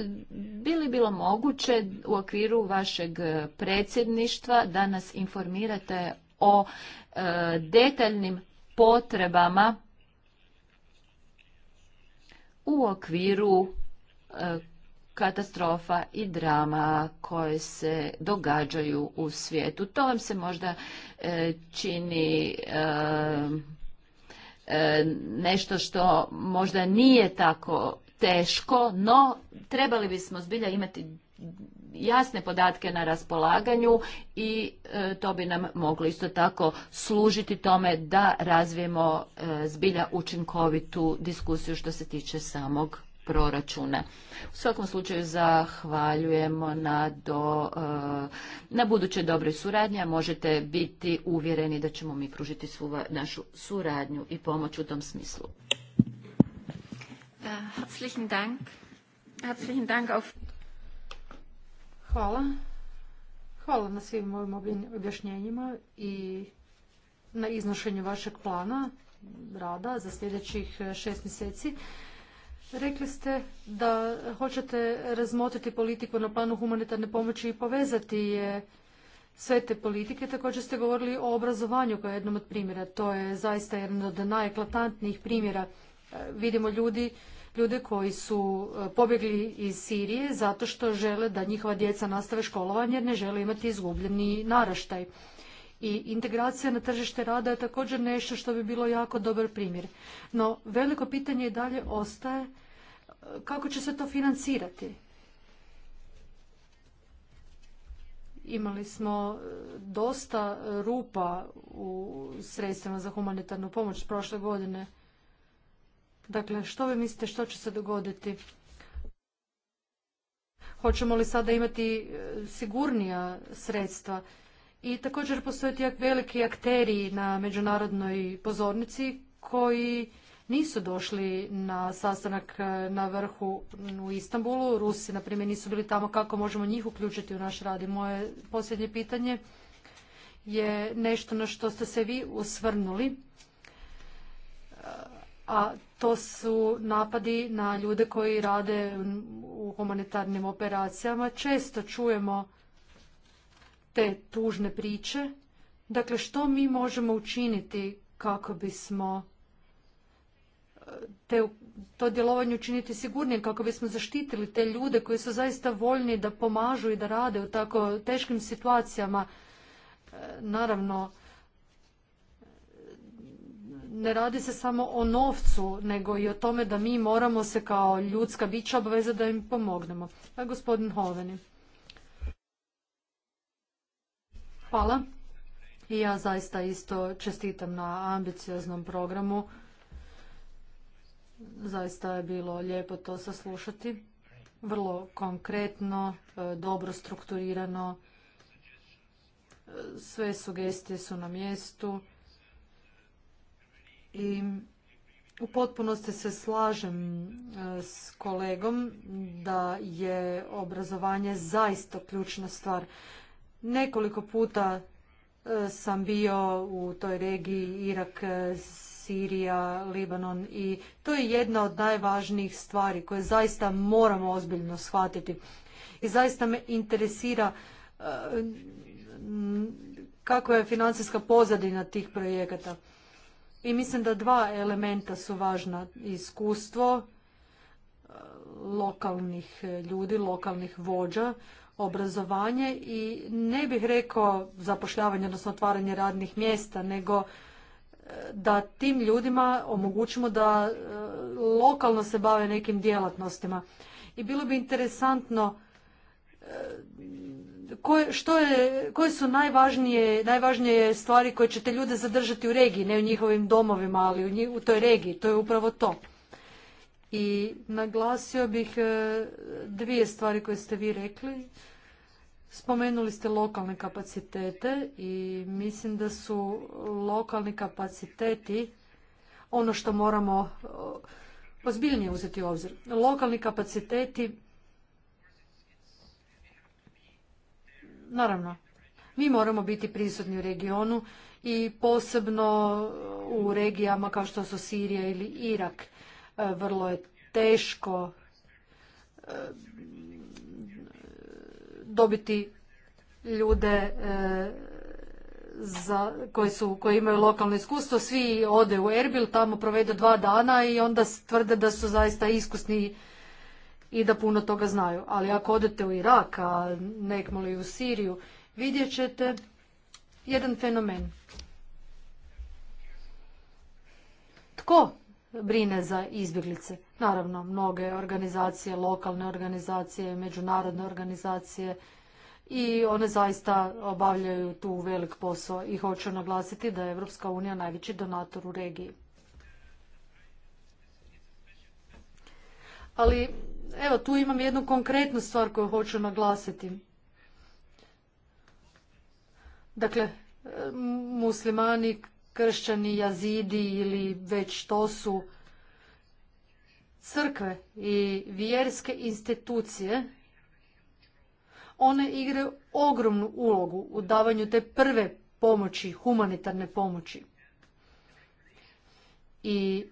bi li bilo moguće u okviru vašeg predsjedništva da nas informirate o e, detaljnim potrebama u okviru e, katastrofa i drama koje se događaju u svijetu. To vam se možda e, čini e, e, nešto što možda nije tako teško, no trebali bismo zbilja imati jasne podatke na raspolaganju i to bi nam moglo isto tako služiti tome da razvijemo zbilja učinkovitu diskusiju što se tiče samog proračuna. U svakom slučaju zahvaljujemo na, do, eh, na buduće dobroj suradnje, a možete biti uvjereni da ćemo mi pružiti svu našu suradnju i pomoć u tom smislu. Eh, Hvala. Hvala na svim ovim objašnjenjima i na iznošenju vašeg plana rada za sljedećih eh, šest mjeseci. Rekli ste da hoćete razmotriti politiku na planu humanitarne pomoći i povezati je sve te politike. Također ste govorili o obrazovanju kao jednom od primjera. To je zaista jedan od najeklatantnijih primjera. E, vidimo ljudi, ljude koji su e, pobjegli iz Sirije zato što žele da njihova djeca nastave školovanje jer ne žele imati izgubljeni naraštaj. I integracija na tržište rada je također nešto što bi bilo jako dobar primjer. No, veliko pitanje i dalje ostaje kako će se to financirati? Imali smo e, dosta e, rupa u sredstvima za humanitarnu pomoć prošle godine. Dakle, što vi mislite što će se dogoditi? Hoćemo li sada imati e, sigurnija sredstva? I također postoje ti veliki akteri na međunarodnoj pozornici koji nisu došli na sastanak e, na vrhu u Istanbulu. Rusi, na primjer, nisu bili tamo. Kako možemo njih uključiti u naš rad? moje posljednje pitanje je nešto na što ste se vi usvrnuli, e, a to su napadi na ljude koji rade u humanitarnim operacijama. Često čujemo te tužne priče. Dakle, što mi možemo učiniti kako bismo te to djelovanje učiniti sigurnije kako bismo zaštitili te ljude koji su zaista voljni da pomažu i da rade u tako teškim situacijama. E, naravno, ne radi se samo o novcu, nego i o tome da mi moramo se kao ljudska bića obveza da im pomognemo. pa gospodin Hoveni. Hvala. I ja zaista isto čestitam na ambicioznom programu Zaista je bilo lijepo to saslušati. Vrlo konkretno, e, dobro strukturirano. E, sve sugestije su na mjestu. I u potpunosti se slažem e, s kolegom da je obrazovanje zaista ključna stvar. Nekoliko puta sam bio u toj regiji Irak, Sirija, Libanon i to je jedna od najvažnijih stvari koje zaista moramo ozbiljno shvatiti. I zaista me interesira e, kakva je financijska pozadina tih projekata. I mislim da dva elementa su važna. Iskustvo e, lokalnih ljudi, lokalnih vođa, obrazovanje i ne bih rekao zapošljavanje, odnosno otvaranje radnih mjesta, nego da tim ljudima omogućimo da e, lokalno se bave nekim djelatnostima. I bilo bi interesantno e, koje, što je, koje su najvažnije, najvažnije stvari koje ćete ljude zadržati u regiji, ne u njihovim domovima, ali u, njih, u toj regiji, to je upravo to. I naglasio bih e, dvije stvari koje ste vi rekli. Spomenuli ste lokalne kapacitete i mislim da su lokalni kapaciteti ono što moramo uh, ozbiljnije uzeti u obzir. Lokalni kapaciteti, naravno, mi moramo biti prisutni u regionu i posebno u regijama kao što su Sirija ili Irak. Uh, vrlo je teško uh, dobiti ljude e, za, koji, su, koji imaju lokalno iskustvo, svi ode u Erbil, tamo provedu dva dana i onda tvrde da su zaista iskusni i da puno toga znaju. Ali ako odete u Irak, a i u Siriju, vidjet ćete jedan fenomen. Tko brine za izbjeglice. Naravno, mnoge organizacije, lokalne organizacije, međunarodne organizacije i one zaista obavljaju tu velik posao i hoću naglasiti da je Europska unija najveći donator u regiji. Ali evo tu imam jednu konkretnu stvar koju hoću naglasiti. Dakle, muslimani, kršćani, jazidi ili već to su crkve i vjerske institucije, one igraju ogromnu ulogu u davanju te prve pomoći, humanitarne pomoći. I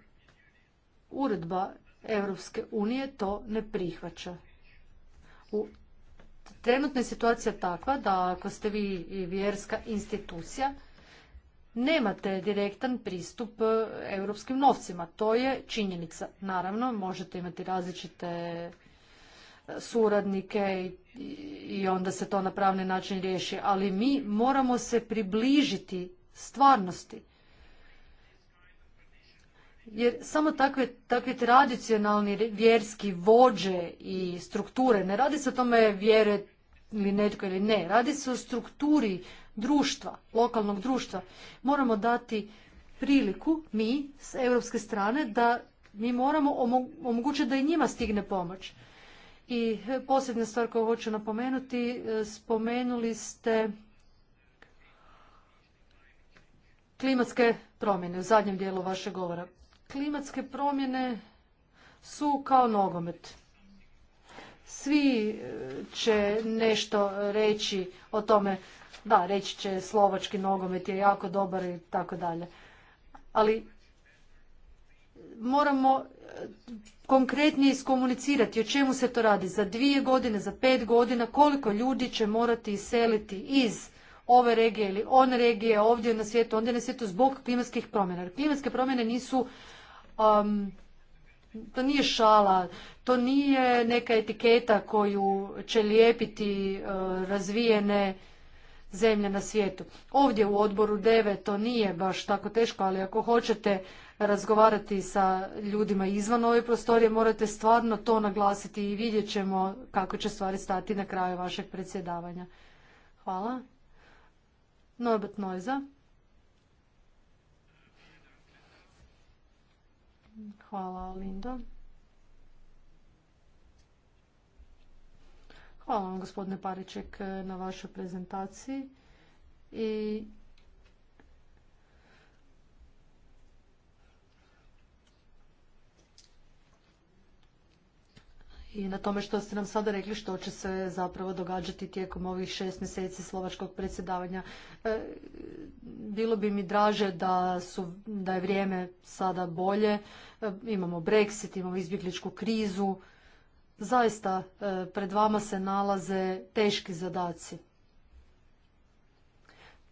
uredba Europske unije to ne prihvaća. U trenutna je situacija takva da ako ste vi vjerska institucija, nemate direktan pristup e, europskim novcima. To je činjenica. Naravno, možete imati različite e, suradnike i onda se to na pravni način riješi, ali mi moramo se približiti stvarnosti. Jer samo takve, takvi tradicionalni vjerski vođe i strukture, ne radi se o tome vjere ili netko ili ne, radi se o strukturi društva, lokalnog društva. Moramo dati priliku mi s europske strane da mi moramo omogućiti da i njima stigne pomoć. I e, posljednja stvar koju hoću napomenuti, e, spomenuli ste klimatske promjene u zadnjem dijelu vašeg govora. Klimatske promjene su kao nogomet. Svi e, će nešto reći o tome da, reći će slovački nogomet je jako dobar i tako dalje. Ali moramo e, konkretnije iskomunicirati o čemu se to radi. Za dvije godine, za pet godina, koliko ljudi će morati iseliti iz ove regije ili one regije, ovdje na svijetu, ondje na svijetu, zbog klimatskih promjena. klimatske promjene nisu, to nije šala, to nije neka etiketa koju će lijepiti e, razvijene zemlja na svijetu. Ovdje u odboru 9 to nije baš tako teško, ali ako hoćete razgovarati sa ljudima izvan ove prostorije, morate stvarno to naglasiti i vidjet ćemo kako će stvari stati na kraju vašeg predsjedavanja. Hvala. Norbert Noiza. Hvala, Linda. Hvala vam gospodine Pariček na vašoj prezentaciji i i na tome što ste nam sada rekli što će se zapravo događati tijekom ovih šest mjeseci slovačkog predsjedavanja. E, bilo bi mi draže da, su, da je vrijeme sada bolje. E, imamo Brexit, imamo izbjegličku krizu. Zaista e, pred vama se nalaze teški zadaci.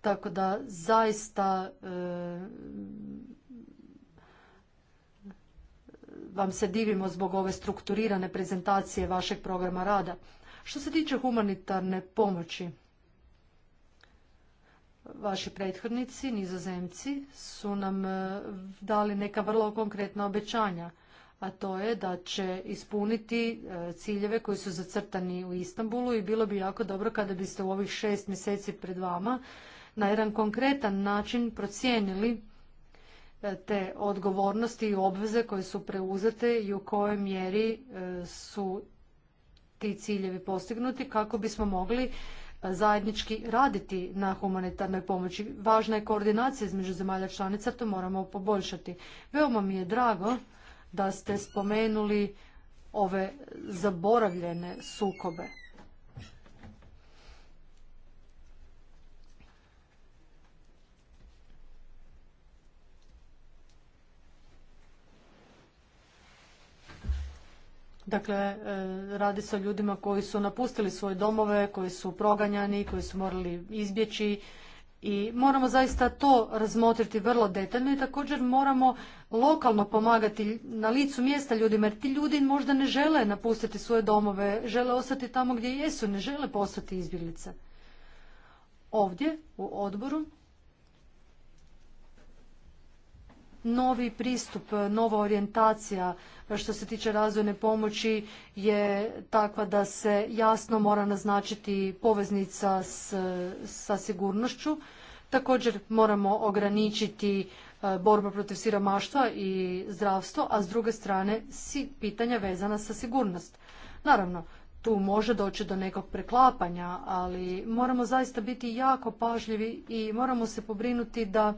Tako da zaista e, vam se divimo zbog ove strukturirane prezentacije vašeg programa rada. Što se tiče humanitarne pomoći, vaši prethodnici, nizozemci, su nam e, dali neka vrlo konkretna obećanja – a to je da će ispuniti e, ciljeve koji su zacrtani u Istanbulu i bilo bi jako dobro kada biste u ovih šest mjeseci pred vama na jedan konkretan način procijenili e, te odgovornosti i obveze koje su preuzete i u kojoj mjeri e, su ti ciljevi postignuti kako bismo mogli zajednički raditi na humanitarnoj pomoći. Važna je koordinacija između zemalja članica, to moramo poboljšati. Veoma mi je drago da ste spomenuli ove zaboravljene sukobe. Dakle, e, radi se o ljudima koji su napustili svoje domove, koji su proganjani, koji su morali izbjeći i moramo zaista to razmotriti vrlo detaljno i također moramo lokalno pomagati na licu mjesta ljudima jer ti ljudi možda ne žele napustiti svoje domove, žele ostati tamo gdje jesu, ne žele postati izbjeglice. Ovdje u odboru novi pristup, nova orijentacija što se tiče razvojne pomoći je takva da se jasno mora naznačiti poveznica s, sa sigurnošću Također moramo ograničiti e, borbu protiv siromaštva i zdravstvo, a s druge strane si pitanja vezana sa sigurnost. Naravno, tu može doći do nekog preklapanja, ali moramo zaista biti jako pažljivi i moramo se pobrinuti da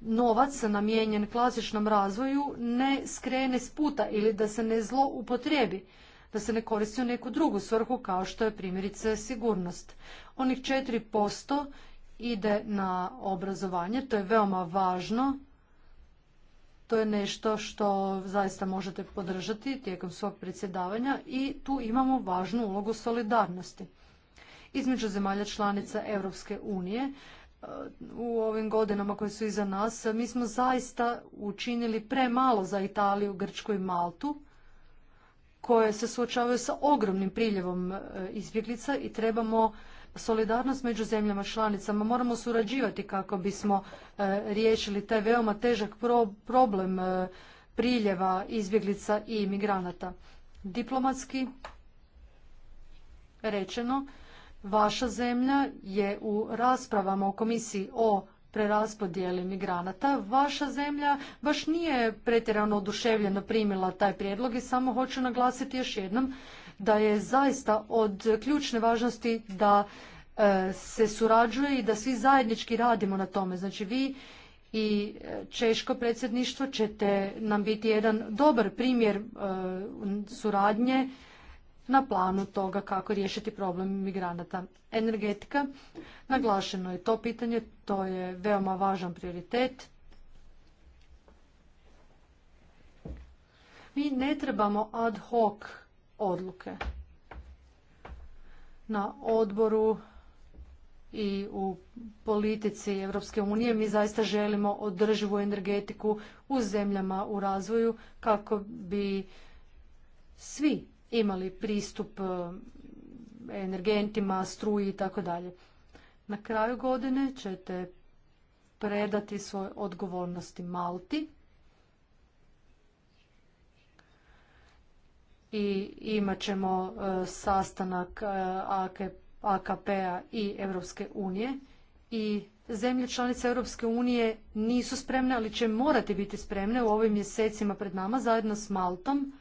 novac namijenjen klasičnom razvoju ne skrene s puta ili da se ne zlo upotrijebi, da se ne koristi u neku drugu svrhu kao što je primjerice sigurnost. Onih 4% ide na obrazovanje. To je veoma važno. To je nešto što zaista možete podržati tijekom svog predsjedavanja i tu imamo važnu ulogu solidarnosti. Između zemalja članica Europske unije e, u ovim godinama koje su iza nas, mi smo zaista učinili premalo za Italiju, Grčku i Maltu, koje se suočavaju sa ogromnim priljevom e, izbjeglica i trebamo solidarnost među zemljama članicama. Moramo surađivati kako bismo e, riješili taj veoma težak problem e, priljeva izbjeglica i imigranata. Diplomatski rečeno, vaša zemlja je u raspravama u komisiji o preraspodjeli migranata. Vaša zemlja baš nije pretjerano oduševljeno primila taj prijedlog i samo hoću naglasiti još jednom da je zaista od ključne važnosti da e, se surađuje i da svi zajednički radimo na tome. Znači vi i e, Češko predsjedništvo ćete nam biti jedan dobar primjer e, suradnje na planu toga kako riješiti problem migranata. Energetika, naglašeno je to pitanje, to je veoma važan prioritet. Mi ne trebamo ad hoc odluke. Na odboru i u politici Europske unije mi zaista želimo održivu energetiku u zemljama u razvoju kako bi svi imali pristup e, energentima, struji i tako dalje. Na kraju godine ćete predati svoje odgovornosti Malti i imat ćemo e, sastanak e, AKP-a i Europske unije i zemlje članice Europske unije nisu spremne, ali će morati biti spremne u ovim mjesecima pred nama zajedno s Maltom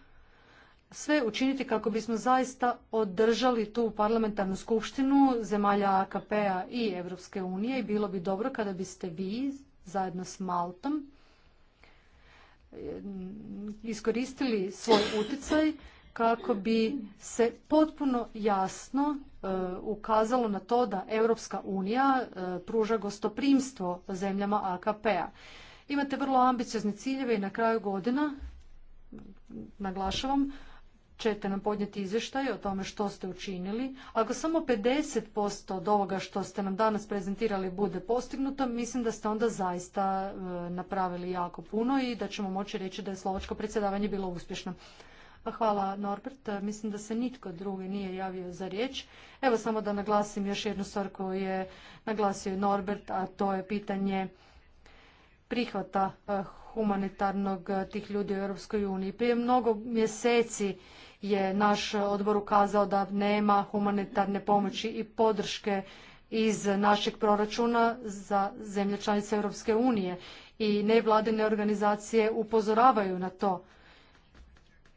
sve učiniti kako bismo zaista održali tu parlamentarnu skupštinu zemalja AKP-a i Europske unije i bilo bi dobro kada biste vi zajedno s Maltom e, iskoristili svoj utjecaj kako bi se potpuno jasno e, ukazalo na to da Europska unija e, pruža gostoprimstvo zemljama AKP-a. Imate vrlo ambiciozne ciljeve i na kraju godina, naglašavam, ćete nam podnijeti izvještaj o tome što ste učinili. Ako samo 50% od ovoga što ste nam danas prezentirali bude postignuto, mislim da ste onda zaista e, napravili jako puno i da ćemo moći reći da je slovačko predsjedavanje bilo uspješno. Pa hvala Norbert, mislim da se nitko drugi nije javio za riječ. Evo samo da naglasim još jednu stvar koju je naglasio Norbert, a to je pitanje prihvata eh, humanitarnog eh, tih ljudi u Europskoj uniji. Prije mnogo mjeseci je naš odbor ukazao da nema humanitarne pomoći i podrške iz našeg proračuna za zemlje članice Europske unije i nevladine organizacije upozoravaju na to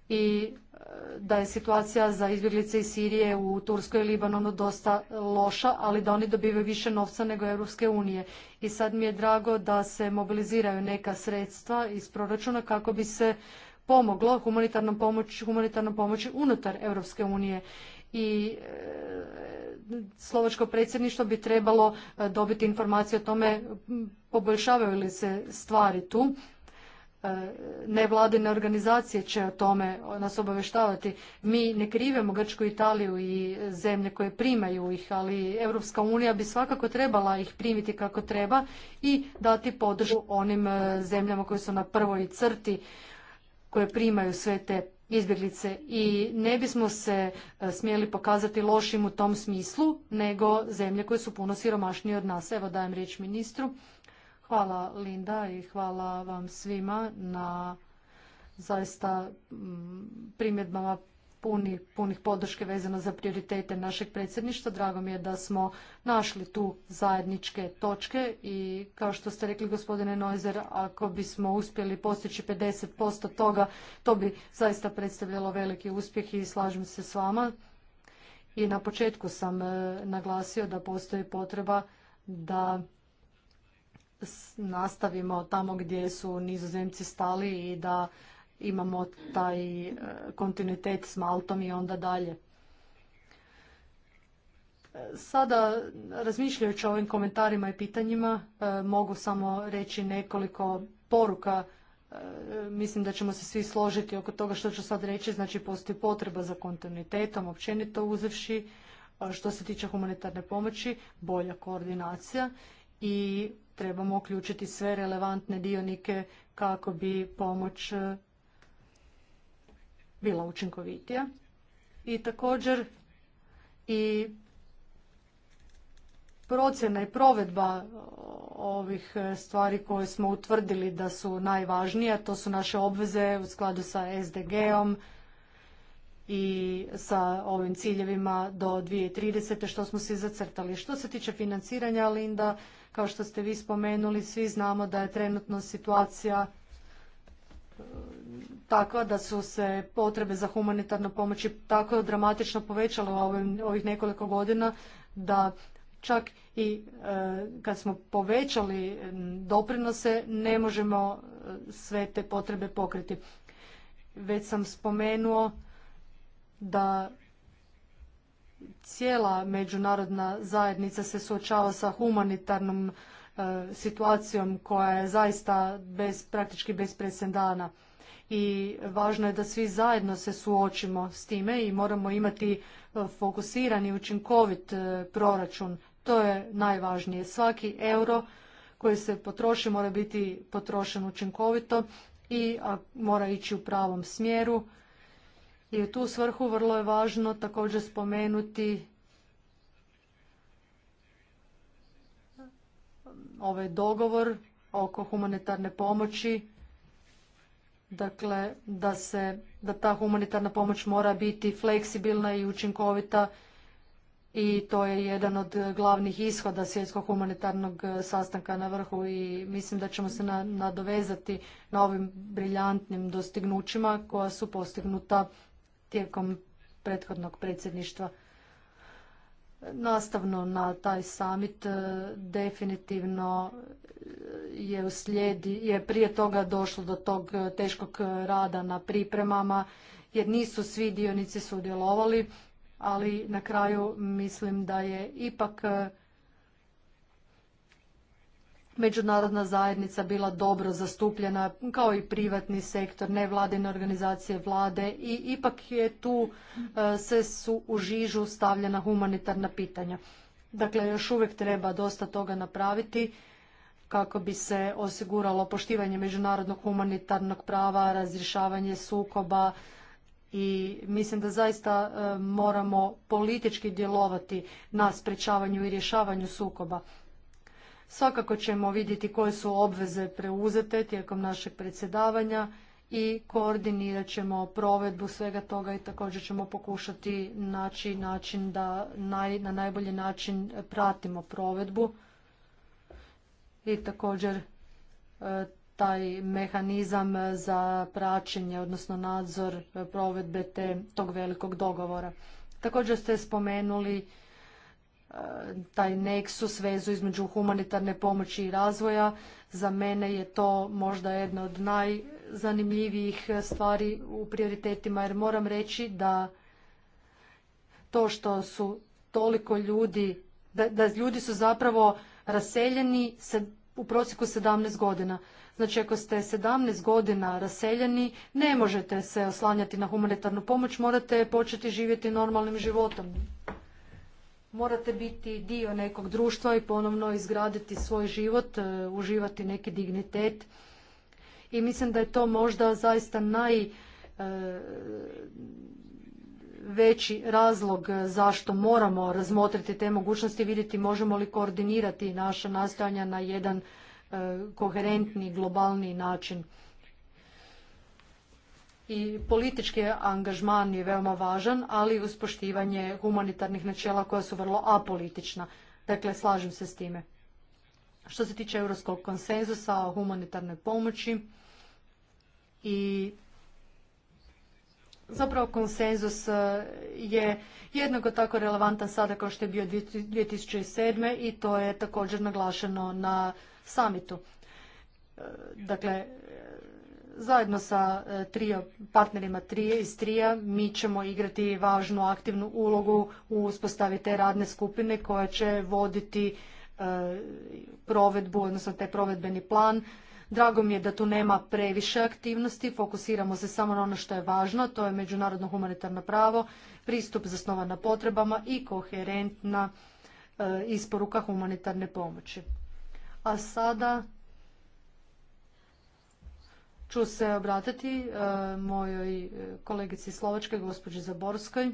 i e, da je situacija za izbjeglice iz Sirije u Turskoj i Libanonu dosta loša, ali da oni dobivaju više novca nego Europske unije. I sad mi je drago da se mobiliziraju neka sredstva iz proračuna kako bi se pomoglo humanitarnom pomoći, humanitarnom pomoći unutar Europske unije i e, slovačko predsjedništvo bi trebalo e, dobiti informaciju o tome poboljšavaju li se stvari tu E, nevladine organizacije će o tome nas obavještavati. Mi ne krivimo Grčku Italiju i zemlje koje primaju ih, ali Europska unija bi svakako trebala ih primiti kako treba i dati podršku onim e, zemljama koje su na prvoj crti koje primaju sve te izbjeglice i ne bismo se e, smjeli pokazati lošim u tom smislu nego zemlje koje su puno siromašnije od nas. Evo dajem riječ ministru. Hvala Linda i hvala vam svima na zaista mm, primjedbama punih podrške vezano za prioritete našeg predsjedništva. Drago mi je da smo našli tu zajedničke točke i kao što ste rekli gospodine Noizer, ako bismo uspjeli postići 50% toga, to bi zaista predstavljalo veliki uspjeh i slažem se s vama. I na početku sam e, naglasio da postoji potreba da nastavimo tamo gdje su nizozemci stali i da imamo taj e, kontinuitet s Maltom i onda dalje. E, sada, razmišljajući o ovim komentarima i pitanjima, e, mogu samo reći nekoliko poruka. Mislim da ćemo se svi složiti oko toga što ću sad reći. Znači, postoji potreba za kontinuitetom, općenito uzevši što se tiče humanitarne pomoći, bolja koordinacija i trebamo uključiti sve relevantne dionike kako bi pomoć e, bila učinkovitija. I također i procjena i provedba e, ovih e, stvari koje smo utvrdili da su najvažnije, to su naše obveze u skladu sa SDG-om i sa ovim ciljevima do 2030. što smo si zacrtali. Što se tiče financiranja, Linda, kao što ste vi spomenuli, svi znamo da je trenutno situacija e, takva da su se potrebe za humanitarnu pomoć tako dramatično povećale u ovih nekoliko godina da čak i e, kad smo povećali doprinose ne možemo e, sve te potrebe pokriti. Već sam spomenuo da cijela međunarodna zajednica se suočava sa humanitarnom e, situacijom koja je zaista bez, praktički bez presedana i važno je da svi zajedno se suočimo s time i moramo imati e, fokusiran i učinkovit e, proračun. To je najvažnije. Svaki euro koji se potroši mora biti potrošen učinkovito i mora ići u pravom smjeru i u tu svrhu vrlo je važno također spomenuti ovaj dogovor oko humanitarne pomoći dakle da se da ta humanitarna pomoć mora biti fleksibilna i učinkovita i to je jedan od glavnih ishoda svjetskog humanitarnog e, sastanka na vrhu i mislim da ćemo se nadovezati na ovim briljantnim dostignućima koja su postignuta tijekom prethodnog predsjedništva. Nastavno na taj summit e, definitivno e, je, uslijedi, je prije toga došlo do tog e, teškog rada na pripremama jer nisu svi dionici sudjelovali, ali na kraju mislim da je ipak međunarodna zajednica bila dobro zastupljena, kao i privatni sektor, nevladine organizacije vlade i ipak je tu e, se su u žižu stavljena humanitarna pitanja. Dakle, još uvijek treba dosta toga napraviti kako bi se osiguralo poštivanje međunarodnog humanitarnog prava, razrješavanje sukoba i mislim da zaista e, moramo politički djelovati na sprečavanju i rješavanju sukoba. Svakako ćemo vidjeti koje su obveze preuzete tijekom našeg predsjedavanja i koordinirat ćemo provedbu svega toga i također ćemo pokušati naći način da na najbolji način pratimo provedbu i također e, taj mehanizam za praćenje, odnosno nadzor provedbe te, tog velikog dogovora. Također ste spomenuli taj neksus vezu između humanitarne pomoći i razvoja. Za mene je to možda jedna od najzanimljivijih stvari u prioritetima jer moram reći da to što su toliko ljudi, da, da ljudi su zapravo raseljeni se, u prosjeku 17 godina. Znači ako ste 17 godina raseljeni, ne možete se oslanjati na humanitarnu pomoć, morate početi živjeti normalnim životom morate biti dio nekog društva i ponovno izgraditi svoj život, e, uživati neki dignitet. I mislim da je to možda zaista naj e, veći razlog e, zašto moramo razmotriti te mogućnosti i vidjeti možemo li koordinirati naša nastojanja na jedan koherentni globalni način i politički angažman je veoma važan, ali uz poštivanje humanitarnih načela koja su vrlo apolitična. Dakle, slažem se s time. Što se tiče europskog konsenzusa o humanitarnoj pomoći i zapravo konsenzus e, je jednako tako relevantan sada kao što je bio 2007. i to je također naglašeno na samitu. E, dakle, Zajedno sa e, partnerima trije iz trija mi ćemo igrati važnu aktivnu ulogu u uspostavi te radne skupine koja će voditi e, provedbu, odnosno taj provedbeni plan. Drago mi je da tu nema previše aktivnosti, fokusiramo se samo na ono što je važno, to je međunarodno humanitarno pravo, pristup zasnovan na potrebama i koherentna e, isporuka humanitarne pomoći. A sada ću se obratiti e, mojoj e, kolegici Slovačke, gospođi Zaborskoj.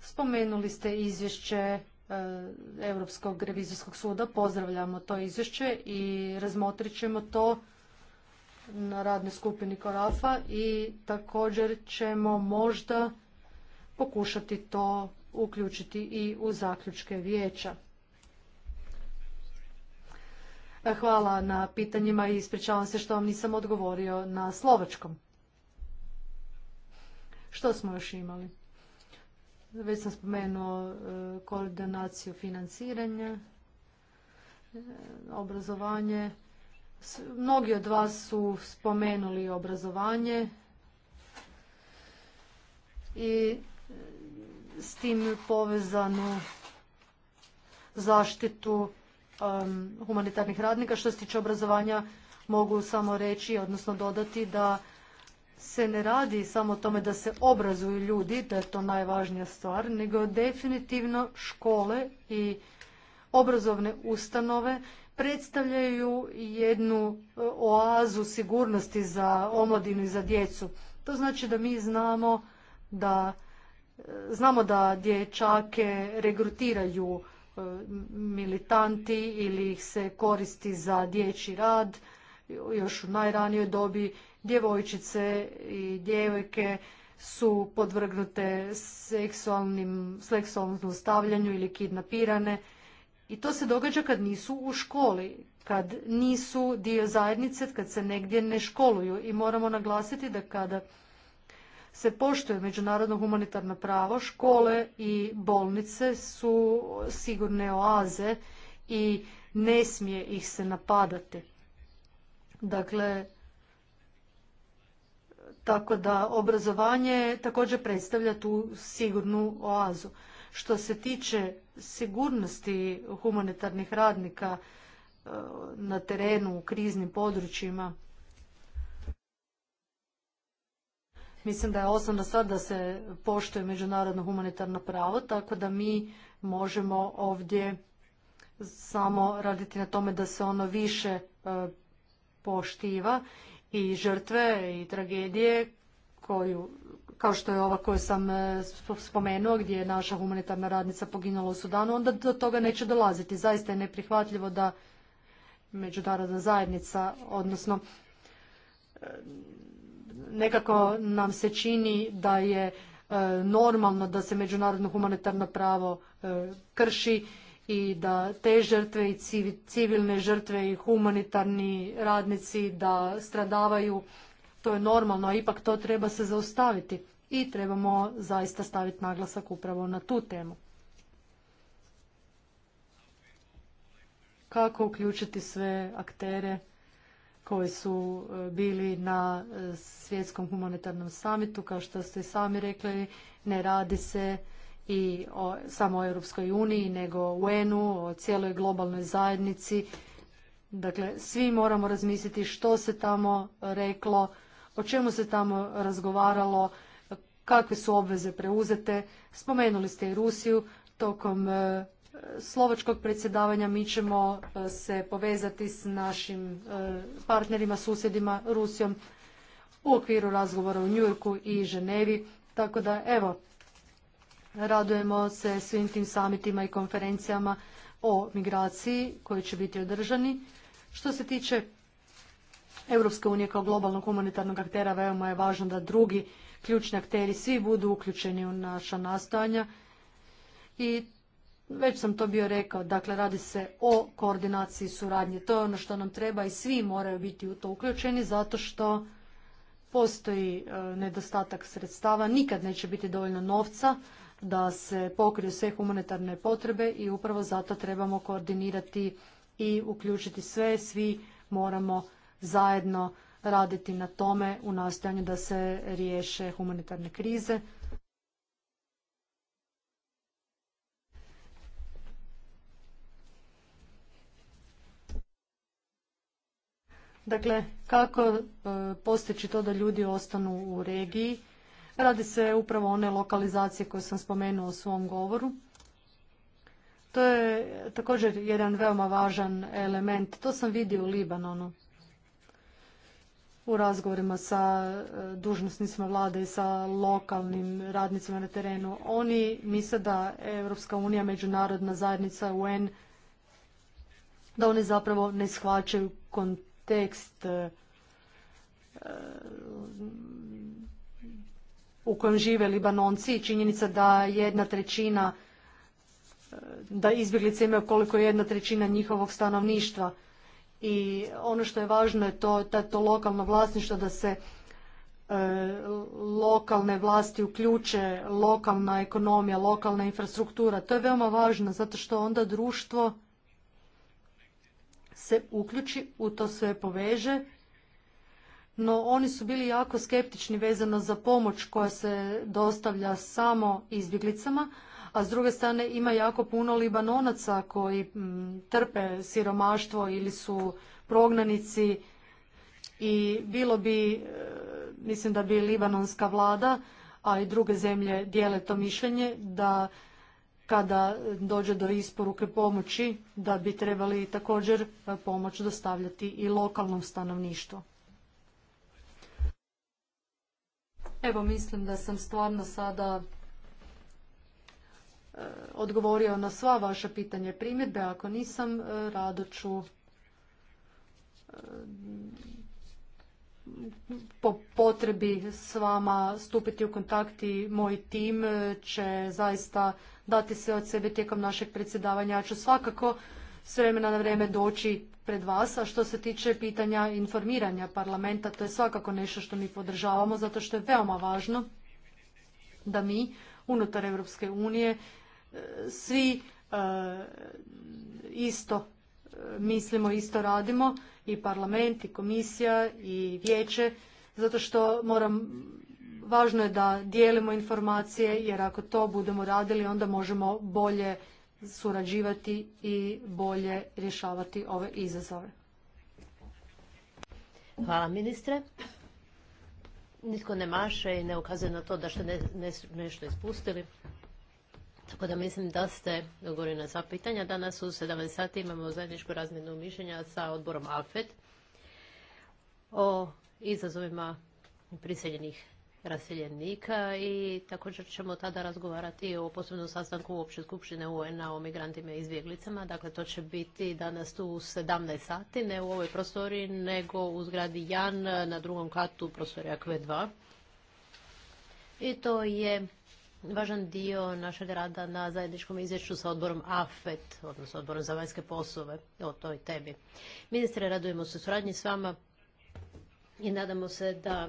Spomenuli ste izvješće e, Europskog revizijskog suda, pozdravljamo to izvješće i razmotrit ćemo to na radnoj skupini Korafa i također ćemo možda pokušati to uključiti i u zaključke vijeća. Hvala na pitanjima i ispričavam se što vam nisam odgovorio na slovačkom. Što smo još imali? Već sam spomenuo e, koordinaciju financiranja, e, obrazovanje. Mnogi od vas su spomenuli obrazovanje i e, s tim povezanu zaštitu Um, humanitarnih radnika. Što se tiče obrazovanja mogu samo reći, odnosno dodati da se ne radi samo o tome da se obrazuju ljudi, da je to najvažnija stvar, nego definitivno škole i obrazovne ustanove predstavljaju jednu e, oazu sigurnosti za omladinu i za djecu. To znači da mi znamo da e, znamo da dječake regrutiraju E, militanti ili ih se koristi za dječji rad još u najranijoj dobi. Djevojčice i djevojke su podvrgnute seksualnim, seksualnom zlostavljanju ili kidnapirane. I to se događa kad nisu u školi, kad nisu dio zajednice, kad se negdje ne školuju. I moramo naglasiti da kada se poštuje međunarodno humanitarno pravo, škole i bolnice su sigurne oaze i ne smije ih se napadati. Dakle, tako da obrazovanje također predstavlja tu sigurnu oazu. Što se tiče sigurnosti humanitarnih radnika eh, na terenu u kriznim područjima, Mislim da je osnovna stvar da se poštuje međunarodno humanitarno pravo, tako da mi možemo ovdje samo raditi na tome da se ono više e, poštiva i žrtve i tragedije koju, kao što je ova koju sam e, spomenuo gdje je naša humanitarna radnica poginula u Sudanu, onda do toga neće dolaziti. Zaista je neprihvatljivo da međunarodna zajednica, odnosno e, nekako nam se čini da je e, normalno da se međunarodno humanitarno pravo e, krši i da te žrtve i civilne žrtve i humanitarni radnici da stradavaju. To je normalno, a ipak to treba se zaustaviti i trebamo zaista staviti naglasak upravo na tu temu. Kako uključiti sve aktere koji su e, bili na e, svjetskom humanitarnom samitu. Kao što ste sami rekli, ne radi se i o, samo o Europskoj uniji, nego o UN-u, o cijeloj globalnoj zajednici. Dakle, svi moramo razmisliti što se tamo reklo, o čemu se tamo razgovaralo, kakve su obveze preuzete. Spomenuli ste i Rusiju tokom e, slovačkog predsjedavanja mi ćemo e, se povezati s našim e, partnerima, susjedima, Rusijom u okviru razgovora u Njurku i Ženevi. Tako da, evo, radujemo se svim tim samitima i konferencijama o migraciji koji će biti održani. Što se tiče Europske unije kao globalnog humanitarnog aktera, veoma je važno da drugi ključni akteri svi budu uključeni u naša nastojanja i već sam to bio rekao, dakle radi se o koordinaciji suradnje. To je ono što nam treba i svi moraju biti u to uključeni zato što postoji e, nedostatak sredstava, nikad neće biti dovoljno novca da se pokriju sve humanitarne potrebe i upravo zato trebamo koordinirati i uključiti sve, svi moramo zajedno raditi na tome u nastojanju da se riješe humanitarne krize. Dakle, kako e, postići to da ljudi ostanu u regiji? Radi se upravo one lokalizacije koje sam spomenuo u svom govoru. To je također jedan veoma važan element. To sam vidio u Libanonu u razgovorima sa e, dužnosnicima vlade i sa lokalnim radnicima na terenu. Oni misle da Europska unija, međunarodna zajednica UN, da oni zapravo ne shvaćaju kontekst tekst e, u kojem žive Libanonci i činjenica da jedna trećina e, da izbjeglice imaju koliko je jedna trećina njihovog stanovništva i ono što je važno je to, to lokalno vlasništvo da se e, lokalne vlasti uključe, lokalna ekonomija, lokalna infrastruktura. To je veoma važno zato što onda društvo se uključi, u to sve poveže, no oni su bili jako skeptični vezano za pomoć koja se dostavlja samo izbjeglicama, a s druge strane ima jako puno libanonaca koji mm, trpe siromaštvo ili su prognanici i bilo bi, e, mislim da bi libanonska vlada, a i druge zemlje dijele to mišljenje, da kada dođe do isporuke pomoći, da bi trebali također e, pomoć dostavljati i lokalnom stanovništvu. Evo, mislim da sam stvarno sada e, odgovorio na sva vaša pitanja primjedbe. Ako nisam, e, rado ću po potrebi s vama stupiti u kontakt i moj tim će zaista dati sve od sebe tijekom našeg predsjedavanja. Ja ću svakako s vremena na vreme doći pred vas, a što se tiče pitanja informiranja parlamenta, to je svakako nešto što mi podržavamo, zato što je veoma važno da mi unutar Europske unije e, svi e, isto e, mislimo, isto radimo i parlament i komisija i vijeće zato što moram Važno je da dijelimo informacije jer ako to budemo radili onda možemo bolje surađivati i bolje rješavati ove izazove. Hvala ministre. Nitko ne maše i ne ukazuje na to da ste nešto ispustili. Tako da mislim da ste dogovorili na sva pitanja. Danas u 17 sati imamo zajedničku razmjenu mišljenja sa odborom AFET o izazovima priseljenih raseljenika i također ćemo tada razgovarati o posebnom sastanku Opće skupštine UN-a o migrantima i izbjeglicama. Dakle, to će biti danas tu u 17 sati, ne u ovoj prostori, nego u zgradi Jan na drugom katu prostorija kve 2 I to je važan dio našeg rada na zajedničkom izvješću sa odborom AFET, odnosno odborom za vanjske poslove o toj temi. Ministre, radujemo se suradnji s vama i nadamo se da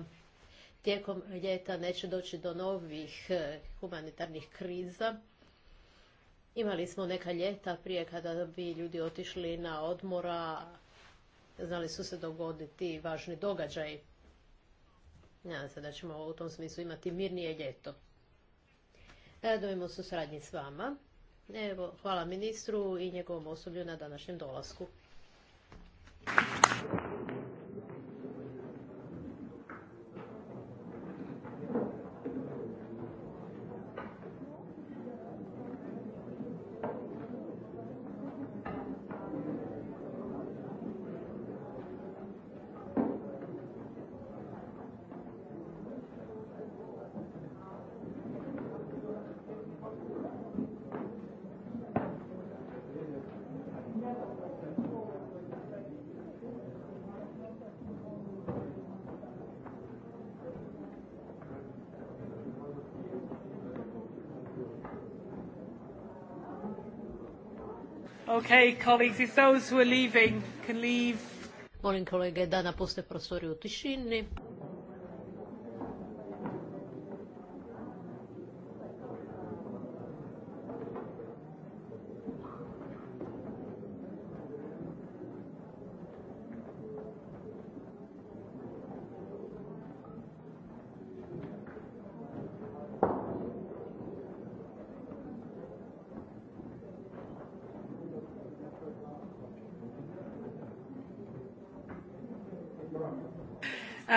tijekom ljeta neće doći do novih e, humanitarnih kriza. Imali smo neka ljeta prije kada bi ljudi otišli na odmora, znali su se dogoditi važni događaj. Nadam se da ćemo u tom smislu imati mirnije ljeto. Radujemo e, se suradnji s vama. Evo, hvala ministru i njegovom osoblju na današnjem dolasku. Okay, colleagues, if those who are leaving can leave. Molim kolege da napuste prostoriju u tišini.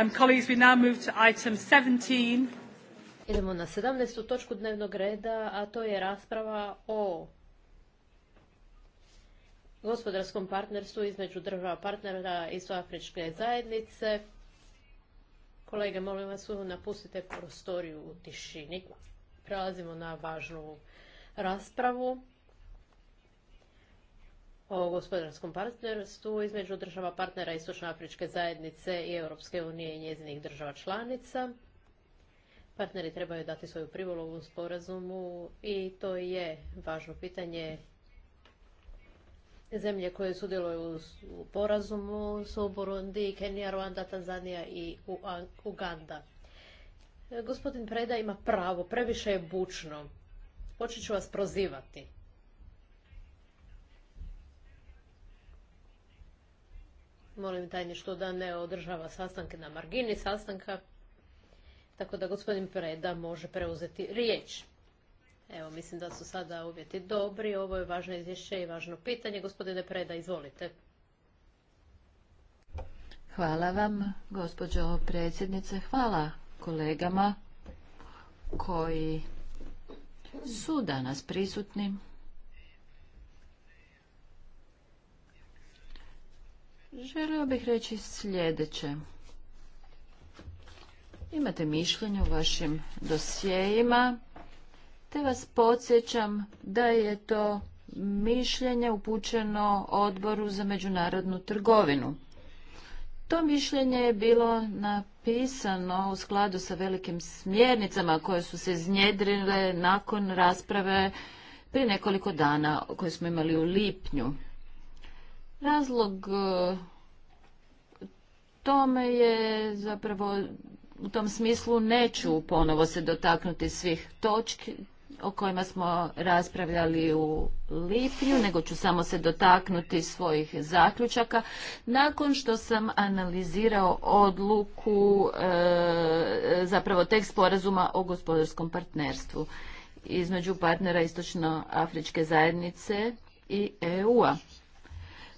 Um, we now Idemo na 17. točku dnevnog reda, a to je rasprava o gospodarskom partnerstvu između država partnera i Istoafričke zajednice. Kolege, molim vas, napustite prostoriju u tišini. Prelazimo na važnu raspravu o gospodarskom partnerstvu između država partnera Istočne Afričke zajednice i Europske unije i njezinih država članica. Partneri trebaju dati svoju privolu u sporazumu i to je važno pitanje. Zemlje koje sudjeluju u porazumu su Burundi, Kenija, Rwanda, Tanzanija i Uganda. Gospodin Preda ima pravo, previše je bučno. Počet ću vas prozivati. Molim tajništvo da ne održava sastanke na margini sastanka, tako da gospodin Preda može preuzeti riječ. Evo, mislim da su sada uvjeti dobri. Ovo je važno izvješće i važno pitanje. Gospodine Preda, izvolite. Hvala vam, gospođo predsjednice. Hvala kolegama koji su danas prisutni. Želio bih reći sljedeće. Imate mišljenje u vašim dosjejima, te vas podsjećam da je to mišljenje upućeno odboru za međunarodnu trgovinu. To mišljenje je bilo napisano u skladu sa velikim smjernicama koje su se iznjedrile nakon rasprave prije nekoliko dana koje smo imali u lipnju. Razlog e, tome je zapravo u tom smislu neću ponovo se dotaknuti svih točki o kojima smo raspravljali u lipnju, nego ću samo se dotaknuti svojih zaključaka. Nakon što sam analizirao odluku, e, zapravo tekst sporazuma o gospodarskom partnerstvu između partnera Istočno-Afričke zajednice i EU-a.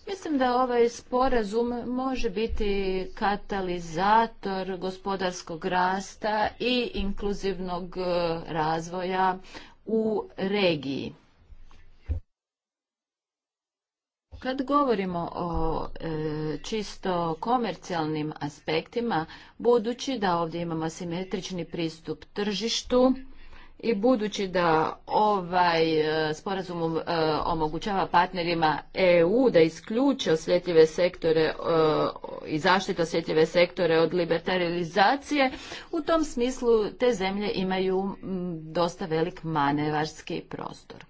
Mislim da ovaj sporazum može biti katalizator gospodarskog rasta i inkluzivnog e, razvoja u regiji. Kad govorimo o e, čisto komercijalnim aspektima, budući da ovdje imamo simetrični pristup tržištu, i budući da ovaj e, sporazum e, omogućava partnerima EU da isključe osjetljive sektore e, i zaštite osjetljive sektore od libertarizacije, u tom smislu te zemlje imaju dosta velik manevarski prostor.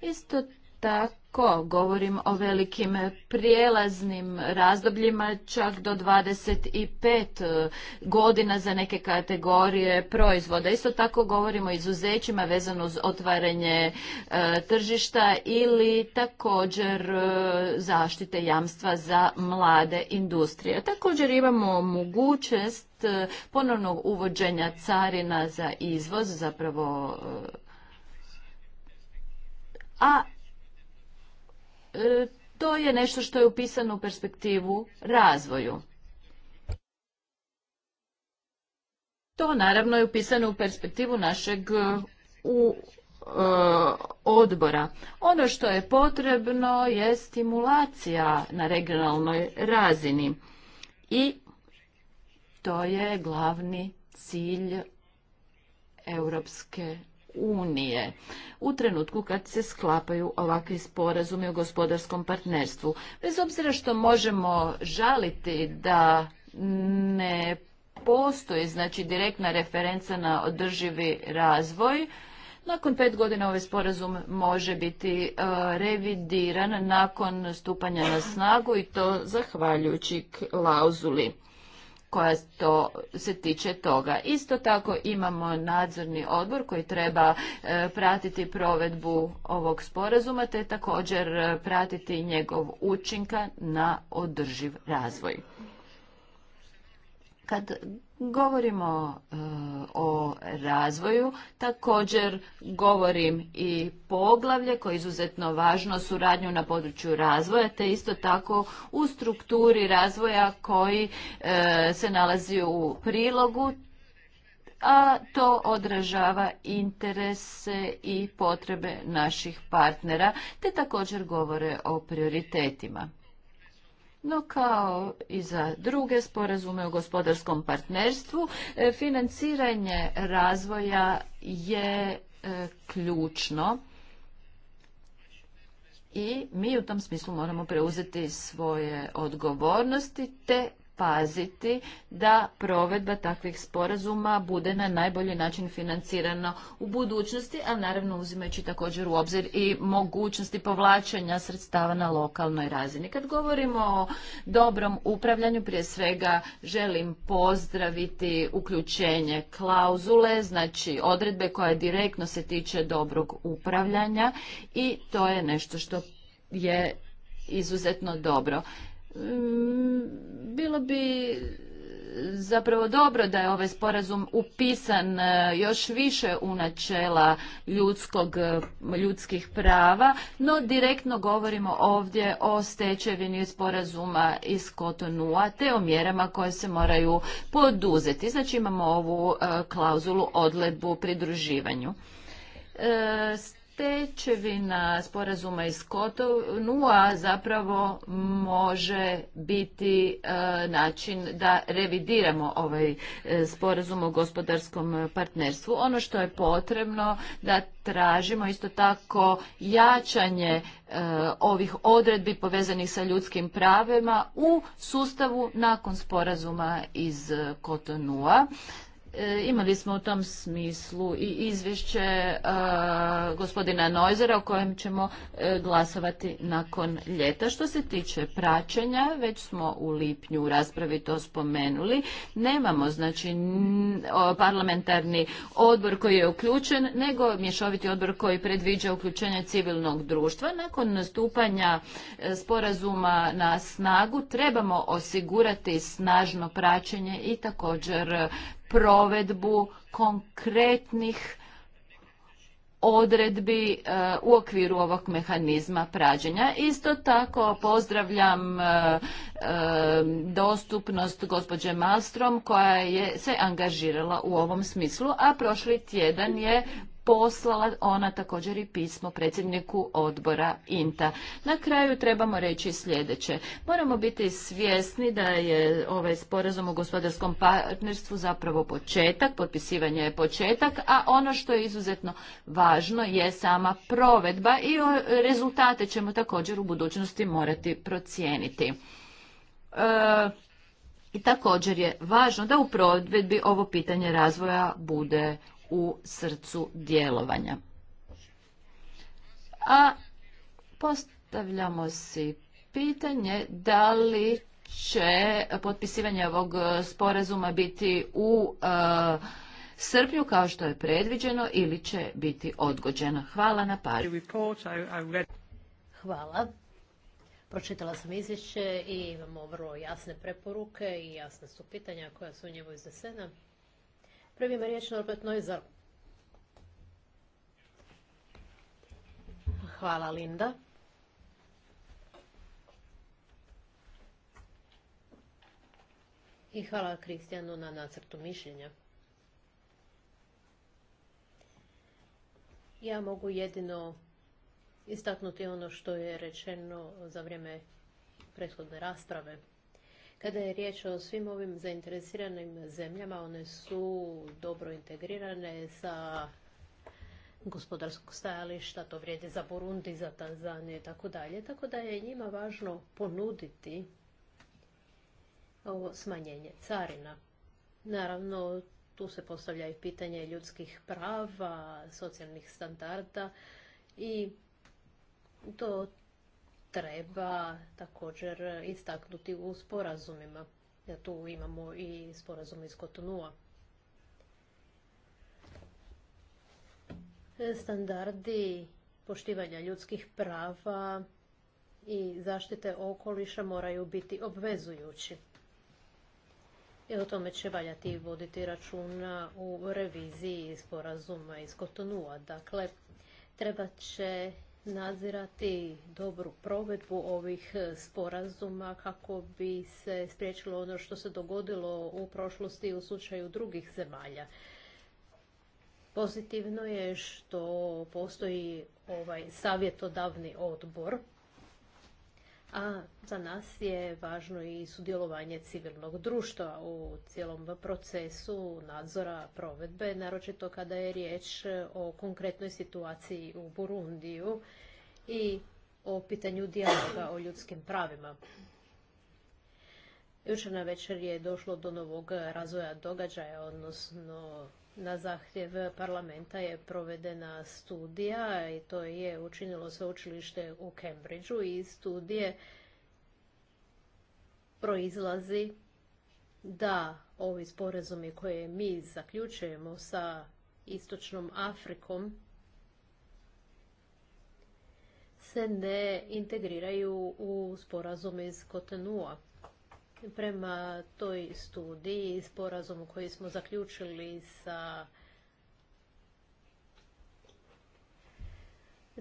Isto tako govorim o velikim prijelaznim razdobljima čak do 25 godina za neke kategorije proizvoda. Isto tako govorimo o izuzećima vezano uz otvaranje e, tržišta ili također e, zaštite jamstva za mlade industrije. Također imamo mogućnost e, ponovnog uvođenja carina za izvoz, zapravo a E, to je nešto što je upisano u perspektivu razvoju. To naravno je upisano u perspektivu našeg e, u, e, odbora. Ono što je potrebno je stimulacija na regionalnoj razini i to je glavni cilj Europske unije u trenutku kad se sklapaju ovakvi sporazumi o gospodarskom partnerstvu. Bez obzira što možemo žaliti da ne postoji znači direktna referenca na održivi razvoj, nakon pet godina ovaj sporazum može biti e, revidiran nakon stupanja na snagu i to zahvaljujući klauzuli koja to se tiče toga. Isto tako imamo nadzorni odbor koji treba e, pratiti provedbu ovog sporazuma te također e, pratiti njegov učinka na održiv razvoj. Kad govorimo e, o razvoju, također govorim i poglavlje koje je izuzetno važno suradnju na području razvoja, te isto tako u strukturi razvoja koji e, se nalazi u prilogu, a to odražava interese i potrebe naših partnera, te također govore o prioritetima no kao i za druge sporazume o gospodarskom partnerstvu, e, financiranje razvoja je e, ključno i mi u tom smislu moramo preuzeti svoje odgovornosti te paziti da provedba takvih sporazuma bude na najbolji način financirana u budućnosti, a naravno uzimajući također u obzir i mogućnosti povlačenja sredstava na lokalnoj razini. Kad govorimo o dobrom upravljanju, prije svega želim pozdraviti uključenje klauzule, znači odredbe koja direktno se tiče dobrog upravljanja i to je nešto što je izuzetno dobro. Mm, bilo bi zapravo dobro da je ovaj sporazum upisan e, još više u načela ljudskog, e, ljudskih prava, no direktno govorimo ovdje o stečevini sporazuma iz Kotonua te o mjerama koje se moraju poduzeti. Znači imamo ovu e, klauzulu odledbu pridruživanju stečevina sporazuma iz Kotonua zapravo može biti e, način da revidiramo ovaj e, sporazum o gospodarskom partnerstvu. Ono što je potrebno da tražimo isto tako jačanje e, ovih odredbi povezanih sa ljudskim pravima u sustavu nakon sporazuma iz Kotonua. E, imali smo u tom smislu i izvješće e, gospodina Nojzera o kojem ćemo e, glasovati nakon ljeta. Što se tiče praćenja, već smo u lipnju u raspravi to spomenuli. Nemamo znači parlamentarni odbor koji je uključen, nego mješoviti odbor koji predviđa uključenje civilnog društva. Nakon nastupanja sporazuma na snagu trebamo osigurati snažno praćenje i također provedbu konkretnih odredbi e, u okviru ovog mehanizma prađenja. Isto tako pozdravljam e, e, dostupnost gospođe Malstrom koja je se angažirala u ovom smislu, a prošli tjedan je poslala ona također i pismo predsjedniku odbora INTA. Na kraju trebamo reći sljedeće. Moramo biti svjesni da je ovaj sporazum o gospodarskom partnerstvu zapravo početak, potpisivanje je početak, a ono što je izuzetno važno je sama provedba i rezultate ćemo također u budućnosti morati procijeniti. E, I također je važno da u provedbi ovo pitanje razvoja bude u srcu djelovanja. A postavljamo si pitanje da li će potpisivanje ovog sporazuma biti u e, srpnju kao što je predviđeno ili će biti odgođeno. Hvala na paru. Hvala. Pročitala sam izvješće i imamo vrlo jasne preporuke i jasne su pitanja koja su u njemu iznesena. Prvi ima riječ Norbert Hvala, Linda. I hvala Kristijanu na nacrtu mišljenja. Ja mogu jedino istaknuti ono što je rečeno za vrijeme prethodne rasprave. Kada je riječ o svim ovim zainteresiranim zemljama, one su dobro integrirane sa gospodarskog stajališta, to vrijedi za Burundi, za Tanzaniju i tako dalje, tako da je njima važno ponuditi ovo smanjenje carina. Naravno, tu se postavlja i pitanje ljudskih prava, socijalnih standarda i to treba također istaknuti u sporazumima. Ja tu imamo i sporazum iz Kotonua. Standardi poštivanja ljudskih prava i zaštite okoliša moraju biti obvezujući. I o tome će valjati voditi računa u reviziji sporazuma iz Kotonua. Dakle, treba će nadzirati dobru provedbu ovih e, sporazuma kako bi se spriječilo ono što se dogodilo u prošlosti u slučaju drugih zemalja. Pozitivno je što postoji ovaj savjetodavni odbor a za nas je važno i sudjelovanje civilnog društva u cijelom procesu nadzora provedbe, naročito kada je riječ o konkretnoj situaciji u Burundiju i o pitanju dijaloga o ljudskim pravima. Jučer na večer je došlo do novog razvoja događaja, odnosno na zahtjev parlamenta je provedena studija i to je učinilo sveučilište u Cambridgeu i studije proizlazi da ovi sporazumi koje mi zaključujemo sa Istočnom Afrikom se ne integriraju u sporazum iz Kotenua. Prema toj studiji, sporazumu koji smo zaključili sa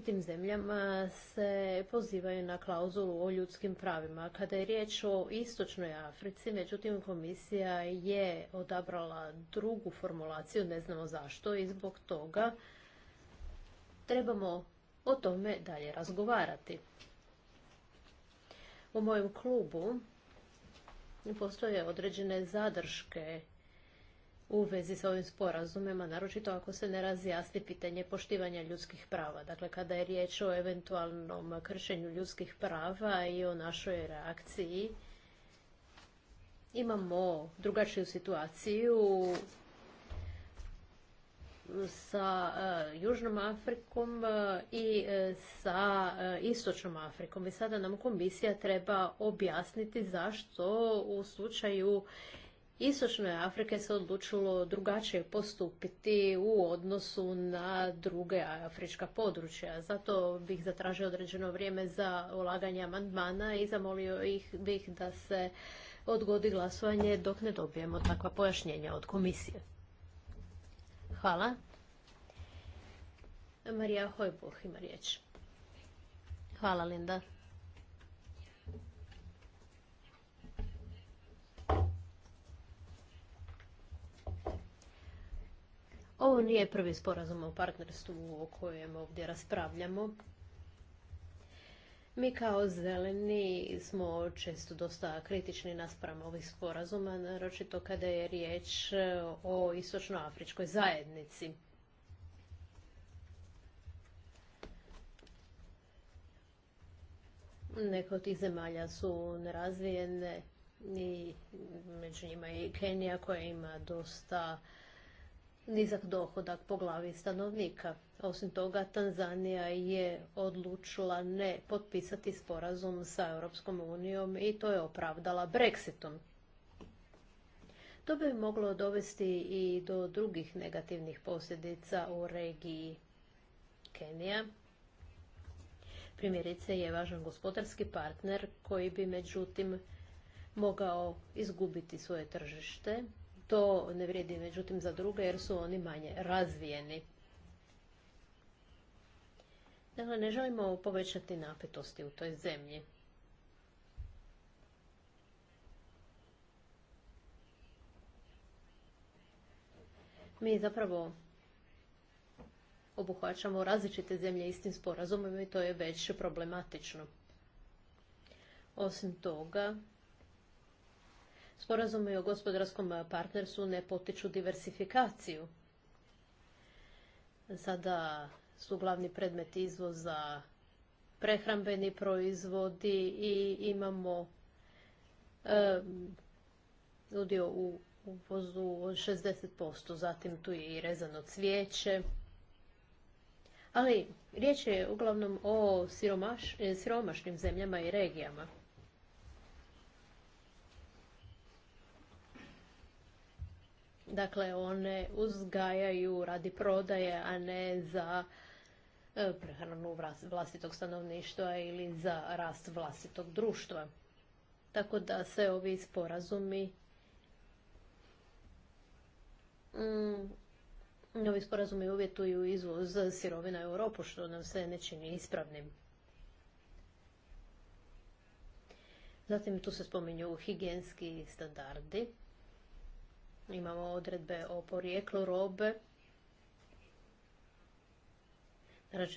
tim zemljama se pozivaju na klauzulu o ljudskim pravima. Kada je riječ o istočnoj Africi, međutim komisija je odabrala drugu formulaciju, ne znamo zašto i zbog toga trebamo o tome dalje razgovarati. U mojem klubu postoje određene zadrške u vezi sa ovim sporazumima, naročito ako se ne razjasni pitanje poštivanja ljudskih prava. Dakle, kada je riječ o eventualnom kršenju ljudskih prava i o našoj reakciji, imamo drugačiju situaciju sa e, Južnom Afrikom e, i e, sa Istočnom Afrikom. I sada nam komisija treba objasniti zašto u slučaju Istočne Afrike se odlučilo drugačije postupiti u odnosu na druge afrička područja. Zato bih zatražio određeno vrijeme za ulaganje amandmana i zamolio ih, bih da se odgodi glasovanje dok ne dobijemo takva pojašnjenja od komisije. Hvala. Marija Hojbuh ima riječ. Hvala, Linda. Ovo nije prvi sporazum o partnerstvu o kojem ovdje raspravljamo. Mi kao zeleni smo često dosta kritični naspram ovih sporazuma, naročito kada je riječ e, o istočnoafričkoj zajednici. Neko od tih zemalja su nerazvijene i među njima i Kenija koja ima dosta nizak dohodak po glavi stanovnika. Osim toga, Tanzanija je odlučila ne potpisati sporazum sa Europskom unijom i to je opravdala Brexitom. To bi moglo dovesti i do drugih negativnih posljedica u regiji Kenija. Primjerice je važan gospodarski partner koji bi međutim mogao izgubiti svoje tržište to ne vrijedi međutim za druge jer su oni manje razvijeni. Dakle, ne želimo povećati napetosti u toj zemlji. Mi zapravo obuhvaćamo različite zemlje istim sporazumom i to je već problematično. Osim toga, Sporazumi o gospodarskom partnerstvu ne potiču diversifikaciju. Sada su glavni predmet izvoza prehrambeni proizvodi i imamo ljudi udio u uvozu 60%, zatim tu je i rezano cvijeće. Ali riječ je uglavnom o siromašnim zemljama i regijama. Dakle, one uzgajaju radi prodaje, a ne za e, prehranu vlastitog stanovništva ili za rast vlastitog društva. Tako da se ovi sporazumi mm, ovi sporazumi uvjetuju izvoz sirovina u Europu, što nam se ne čini ispravnim. Zatim tu se spominju higijenski standardi. Imamo odredbe o porijeklu robe,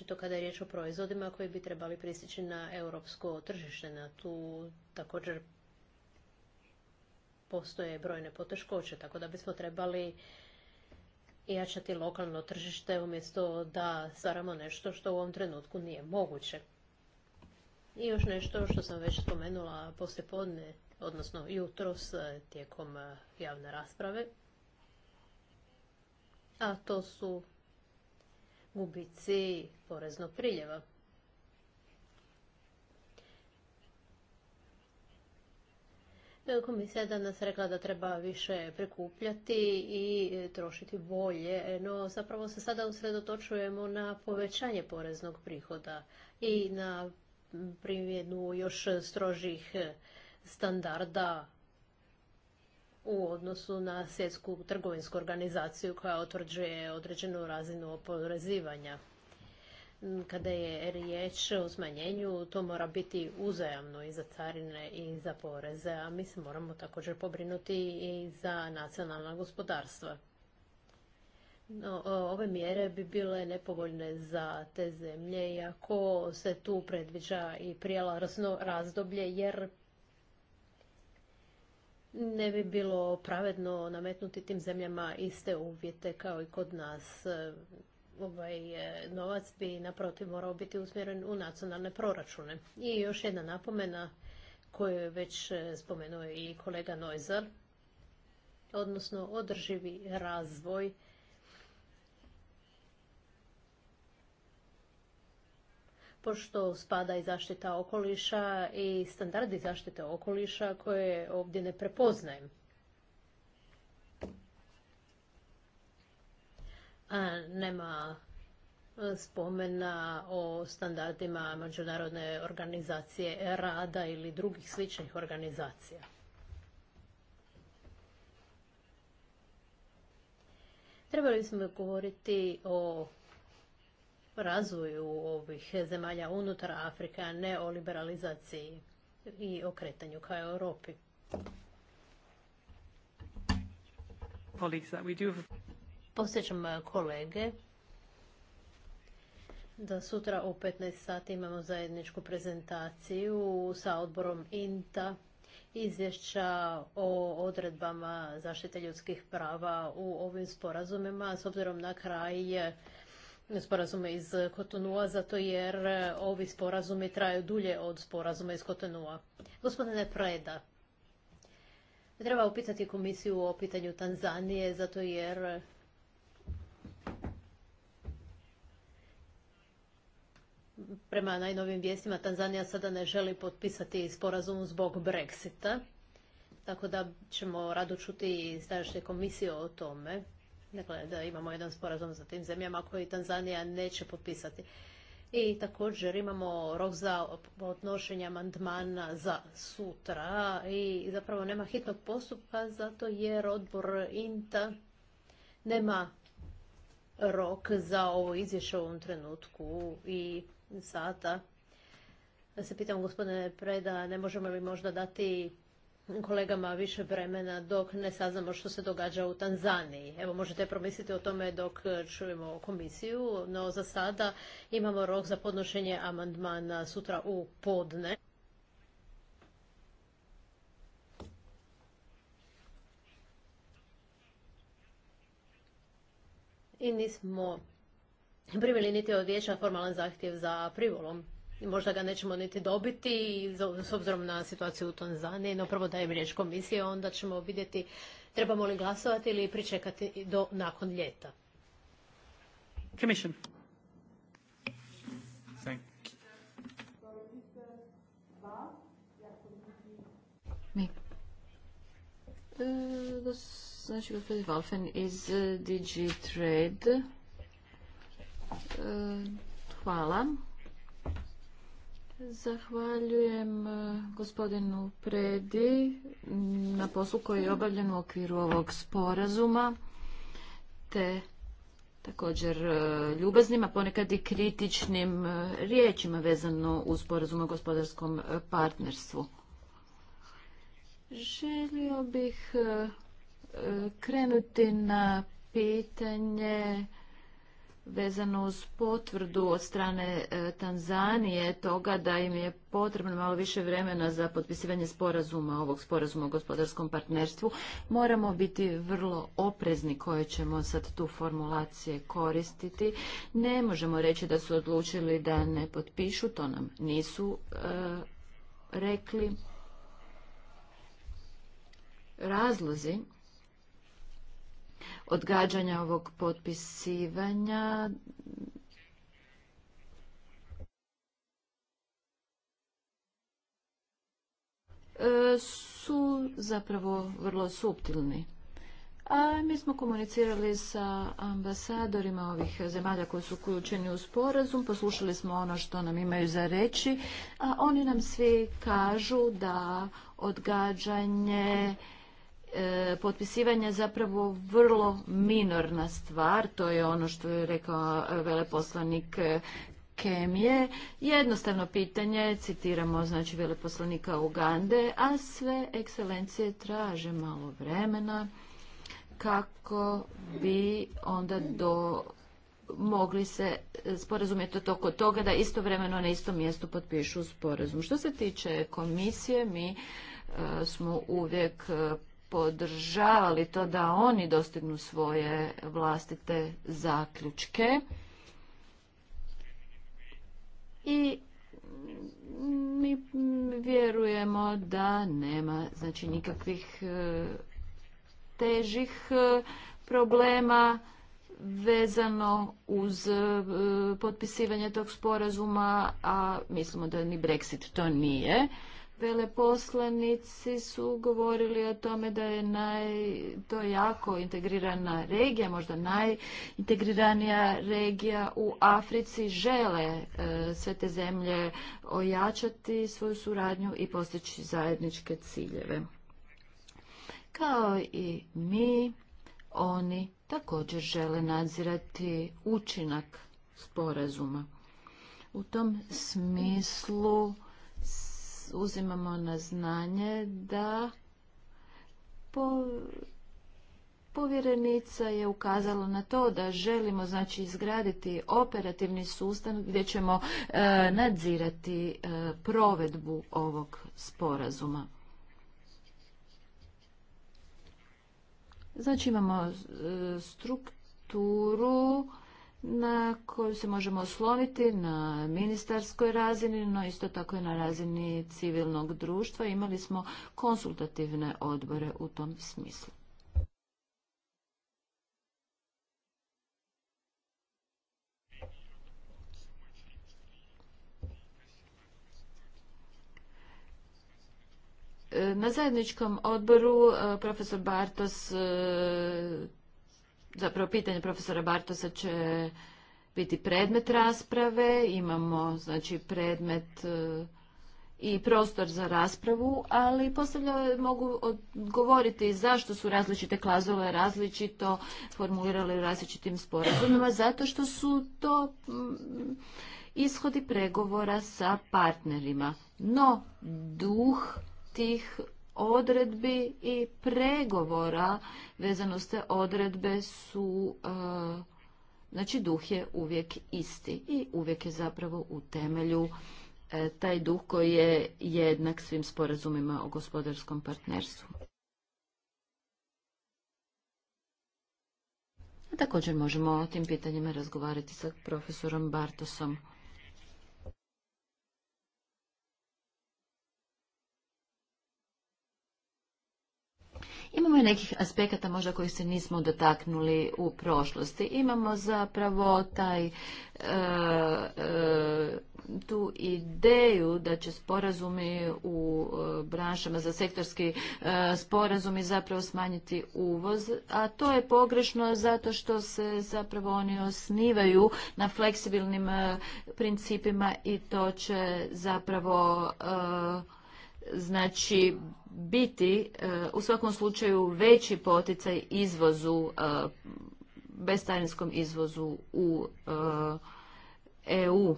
to kada je riječ o proizvodima koji bi trebali pristići na europsko tržište. Na tu također postoje brojne poteškoće, tako da bismo trebali jačati lokalno tržište umjesto da stvaramo nešto što u ovom trenutku nije moguće. I još nešto što sam već spomenula poslije podne odnosno jutros e, tijekom e, javne rasprave. A to su gubici poreznog priljeva. E, komisija je danas rekla da treba više prikupljati i trošiti bolje, no zapravo se sada usredotočujemo na povećanje poreznog prihoda i na primjenu još strožih standarda u odnosu na svjetsku trgovinsku organizaciju koja utvrđuje određenu razinu oporezivanja. Kada je riječ o smanjenju, to mora biti uzajamno i za carine i za poreze, a mi se moramo također pobrinuti i za nacionalna gospodarstva. No, ove mjere bi bile nepovoljne za te zemlje, iako se tu predviđa i prijelazno razdoblje, jer ne bi bilo pravedno nametnuti tim zemljama iste uvjete kao i kod nas. E, ovaj e, novac bi naprotiv morao biti usmjeren u nacionalne proračune. I još jedna napomena koju je već e, spomenuo i kolega Nojzar, odnosno održivi razvoj pošto spada i zaštita okoliša i standardi zaštite okoliša koje ovdje ne prepoznajem. nema spomena o standardima Međunarodne organizacije rada ili drugih sličnih organizacija. Trebali smo govoriti o razvoju ovih zemalja unutar Afrike, a ne o liberalizaciji i okretanju ka Europi. Posjećam kolege da sutra u 15 sati imamo zajedničku prezentaciju sa odborom INTA izvješća o odredbama zaštite ljudskih prava u ovim sporazumima s obzirom na kraj sporazume iz Kotonua, zato jer e, ovi sporazumi traju dulje od sporazuma iz Kotonua. Gospodine Preda, treba upitati komisiju o pitanju Tanzanije, zato jer e, prema najnovim vijestima Tanzanija sada ne želi potpisati sporazum zbog Brexita. Tako da ćemo rado čuti i tadašnje komisije o tome. Dakle, da imamo jedan sporazum za tim zemljama koji Tanzanija neće potpisati. I također imamo rok za odnošenje amandmana za sutra i zapravo nema hitnog postupka zato jer odbor INTA nema rok za ovo izvješće u ovom trenutku i sata. Da se pitam gospodine Preda, ne možemo li možda dati kolegama više vremena dok ne saznamo što se događa u Tanzaniji. Evo možete promisliti o tome dok e, čujemo komisiju, no za sada imamo rok za podnošenje amandmana sutra u podne. I nismo primili niti od vijeća formalan zahtjev za privolom možda ga nećemo niti dobiti s obzirom na situaciju u Tanzaniji, no prvo dajem riječ komisije, onda ćemo vidjeti trebamo li glasovati ili pričekati do nakon ljeta. Commission. E, znači, Valfen iz e, e, hvala. Zahvaljujem e, gospodinu Predi na poslu koji je obavljen u okviru ovog sporazuma te također e, ljubaznim, a ponekad i kritičnim e, riječima vezano uz sporazum o gospodarskom partnerstvu. Želio bih krenuti na pitanje vezano uz potvrdu od strane e, Tanzanije toga da im je potrebno malo više vremena za potpisivanje sporazuma, ovog sporazuma o gospodarskom partnerstvu. Moramo biti vrlo oprezni koje ćemo sad tu formulacije koristiti. Ne možemo reći da su odlučili da ne potpišu, to nam nisu e, rekli. Razlozi odgađanja ovog potpisivanja e, su zapravo vrlo suptilni. A mi smo komunicirali sa ambasadorima ovih zemalja koji su uključeni u sporazum, poslušali smo ono što nam imaju za reći, a oni nam svi kažu da odgađanje E, potpisivanje potpisivanja zapravo vrlo minorna stvar, to je ono što je rekao e, veleposlanik e, kemije, jednostavno pitanje, citiramo znači veleposlanika Ugande, a sve ekscelencije traže malo vremena kako bi onda do mogli se sporazumjeti oko toga da istovremeno na istom mjestu potpišu sporazum. Što se tiče komisije, mi smo uvijek podržavali to da oni dostignu svoje vlastite zaključke. I mi vjerujemo da nema znači nikakvih e, težih e, problema vezano uz e, potpisivanje tog sporazuma, a mislimo da ni Brexit to nije. Veleposlanici su govorili o tome da je naj, to jako integrirana regija, možda najintegriranija regija u Africi. Žele e, sve te zemlje ojačati svoju suradnju i postići zajedničke ciljeve. Kao i mi, oni također žele nadzirati učinak sporazuma. U tom smislu uzimamo na znanje da povjerenica je ukazala na to da želimo znači izgraditi operativni sustav gdje ćemo e, nadzirati e, provedbu ovog sporazuma. Znači imamo e, strukturu na koju se možemo osloniti na ministarskoj razini, no isto tako i na razini civilnog društva. Imali smo konsultativne odbore u tom smislu. E, na zajedničkom odboru e, profesor Bartos e, zapravo pitanje profesora Bartosa će biti predmet rasprave, imamo znači predmet e, i prostor za raspravu, ali postavlja mogu odgovoriti zašto su različite klazove različito formulirale u različitim sporazumima, [CLEARS THROAT] zato što su to mm, ishodi pregovora sa partnerima. No, duh tih odredbi i pregovora vezano s te odredbe su, e, znači duh je uvijek isti i uvijek je zapravo u temelju e, taj duh koji je jednak svim sporazumima o gospodarskom partnerstvu. također možemo o tim pitanjima razgovarati sa profesorom Bartosom. Imamo i nekih aspekata možda kojih se nismo dotaknuli u prošlosti. Imamo zapravo taj e, e, tu ideju da će sporazumi u e, branšama za sektorski sporazumi zapravo smanjiti uvoz, a to je pogrešno zato što se zapravo oni osnivaju na fleksibilnim principima i to će zapravo znači biti e, u svakom slučaju veći poticaj izvozu, e, bestarinskom izvozu u EU.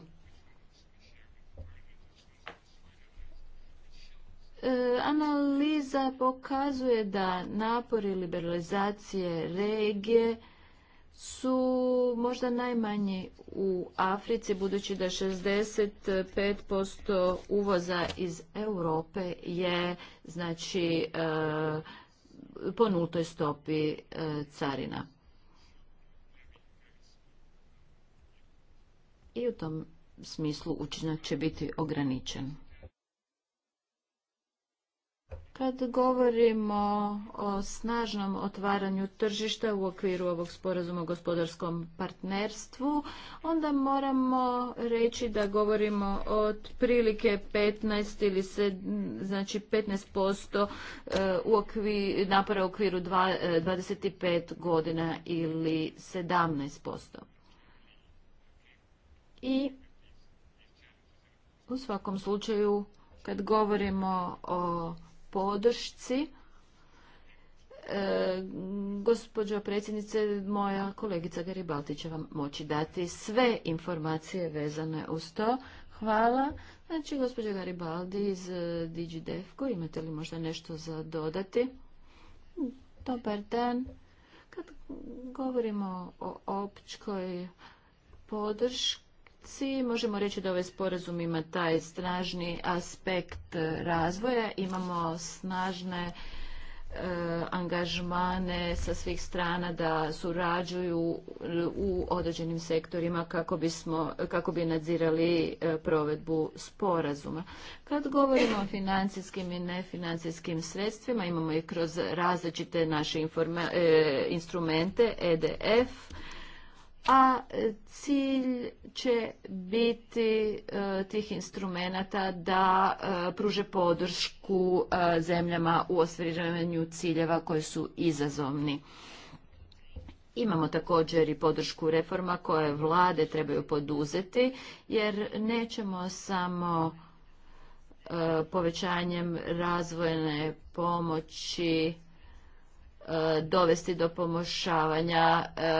E analiza pokazuje da napori liberalizacije regije su možda najmanji u Africi, budući da 65% uvoza iz Europe je znači eh, po nultoj stopi eh, carina. I u tom smislu učinak će biti ograničen. Kad govorimo o snažnom otvaranju tržišta u okviru ovog sporazuma o gospodarskom partnerstvu, onda moramo reći da govorimo od prilike 15 ili se, znači 15% eh, u okvir, napora u okviru 25 eh, godina ili 17%. I u svakom slučaju kad govorimo o podršci. E, gospođo predsjednice, moja kolegica Garibaldi će vam moći dati sve informacije vezane uz to. Hvala. Znači, gospođa Garibaldi iz e, DigiDefko, imate li možda nešto za dodati? Dobar dan. Kad govorimo o općkoj podrški, Ci možemo reći da ovaj sporazum ima taj snažni aspekt razvoja, imamo snažne e, angažmane sa svih strana da surađuju u određenim sektorima kako, bismo, kako bi nadzirali e, provedbu sporazuma. Kad govorimo o financijskim i nefinancijskim sredstvima, imamo i kroz različite naše e, instrumente, EDF, a e, cilj će biti e, tih instrumenata da e, pruže podršku zemljama u ostvarivanju ciljeva koji su izazovni. Imamo također i podršku reforma koje vlade trebaju poduzeti jer nećemo samo povećanjem razvojne pomoći E, dovesti do pomošavanja, e,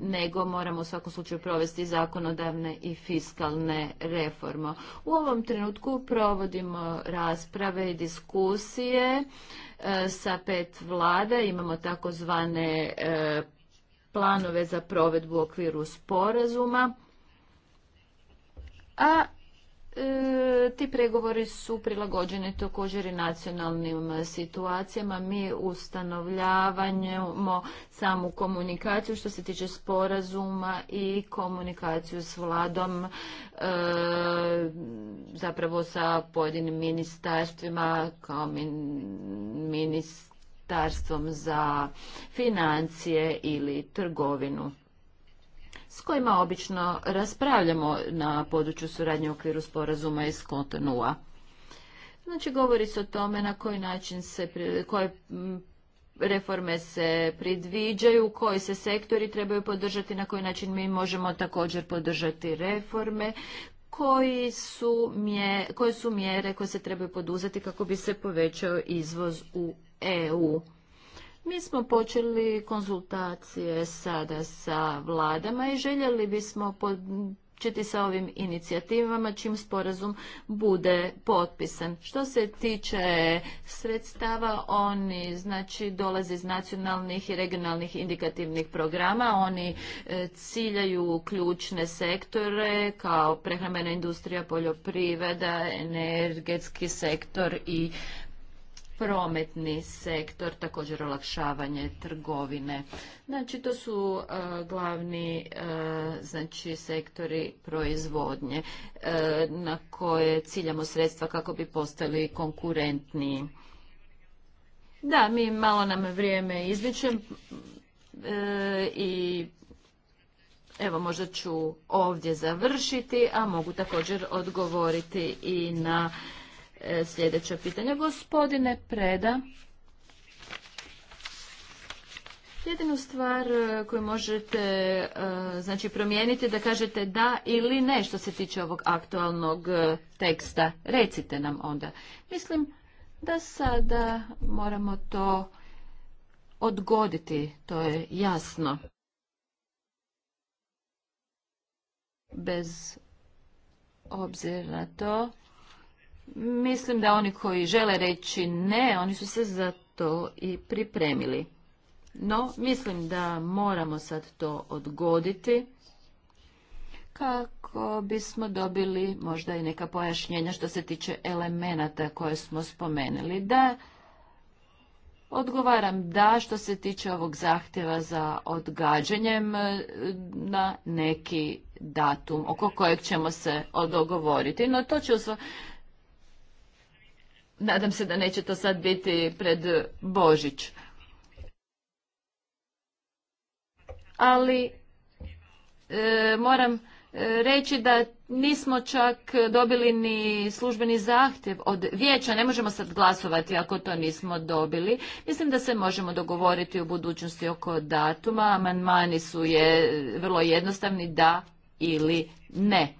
nego moramo u svakom slučaju provesti zakonodavne i fiskalne reforme. U ovom trenutku provodimo rasprave i diskusije e, sa pet vlada, imamo takozvane planove za provedbu u okviru sporazuma, a E, ti pregovori su prilagođeni također i nacionalnim situacijama. Mi ustanovljavamo samu komunikaciju što se tiče sporazuma i komunikaciju s vladom, e, zapravo sa pojedinim ministarstvima kao ministarstvom za financije ili trgovinu s kojima obično raspravljamo na području suradnje u okviru sporazuma iz kontinua. Znači, govori se o tome na koji način se, koje reforme se predviđaju, koji se sektori trebaju podržati, na koji način mi možemo također podržati reforme, koji su koje su mjere koje se trebaju poduzeti kako bi se povećao izvoz u EU. Mi smo počeli konzultacije sada sa vladama i željeli bismo početi sa ovim inicijativama čim sporazum bude potpisan. Što se tiče sredstava, oni znači dolaze iz nacionalnih i regionalnih indikativnih programa, oni e, ciljaju ključne sektore kao prehrambena industrija, poljoprivreda, energetski sektor i prometni sektor, također olakšavanje trgovine. Znači to su e, glavni e, znači sektori proizvodnje e, na koje ciljamo sredstva kako bi postali konkurentniji. Da, mi malo nam vrijeme izviče i Evo, možda ću ovdje završiti, a mogu također odgovoriti i na E, sljedeća pitanja. Gospodine Preda, jedinu stvar e, koju možete e, znači, promijeniti da kažete da ili ne što se tiče ovog aktualnog teksta. Recite nam onda. Mislim da sada moramo to odgoditi, to je jasno. Bez obzira na to Mislim da oni koji žele reći ne, oni su se za to i pripremili. No, mislim da moramo sad to odgoditi kako bismo dobili možda i neka pojašnjenja što se tiče elemenata koje smo spomenuli. Da, odgovaram da što se tiče ovog zahtjeva za odgađanjem e, na neki datum oko kojeg ćemo se dogovoriti. No to će u Nadam se da neće to sad biti pred Božić. Ali e, moram e, reći da nismo čak dobili ni službeni zahtjev od vijeća, ne možemo sad glasovati ako to nismo dobili. Mislim da se možemo dogovoriti u budućnosti oko datuma, amandmani su je vrlo jednostavni da ili ne.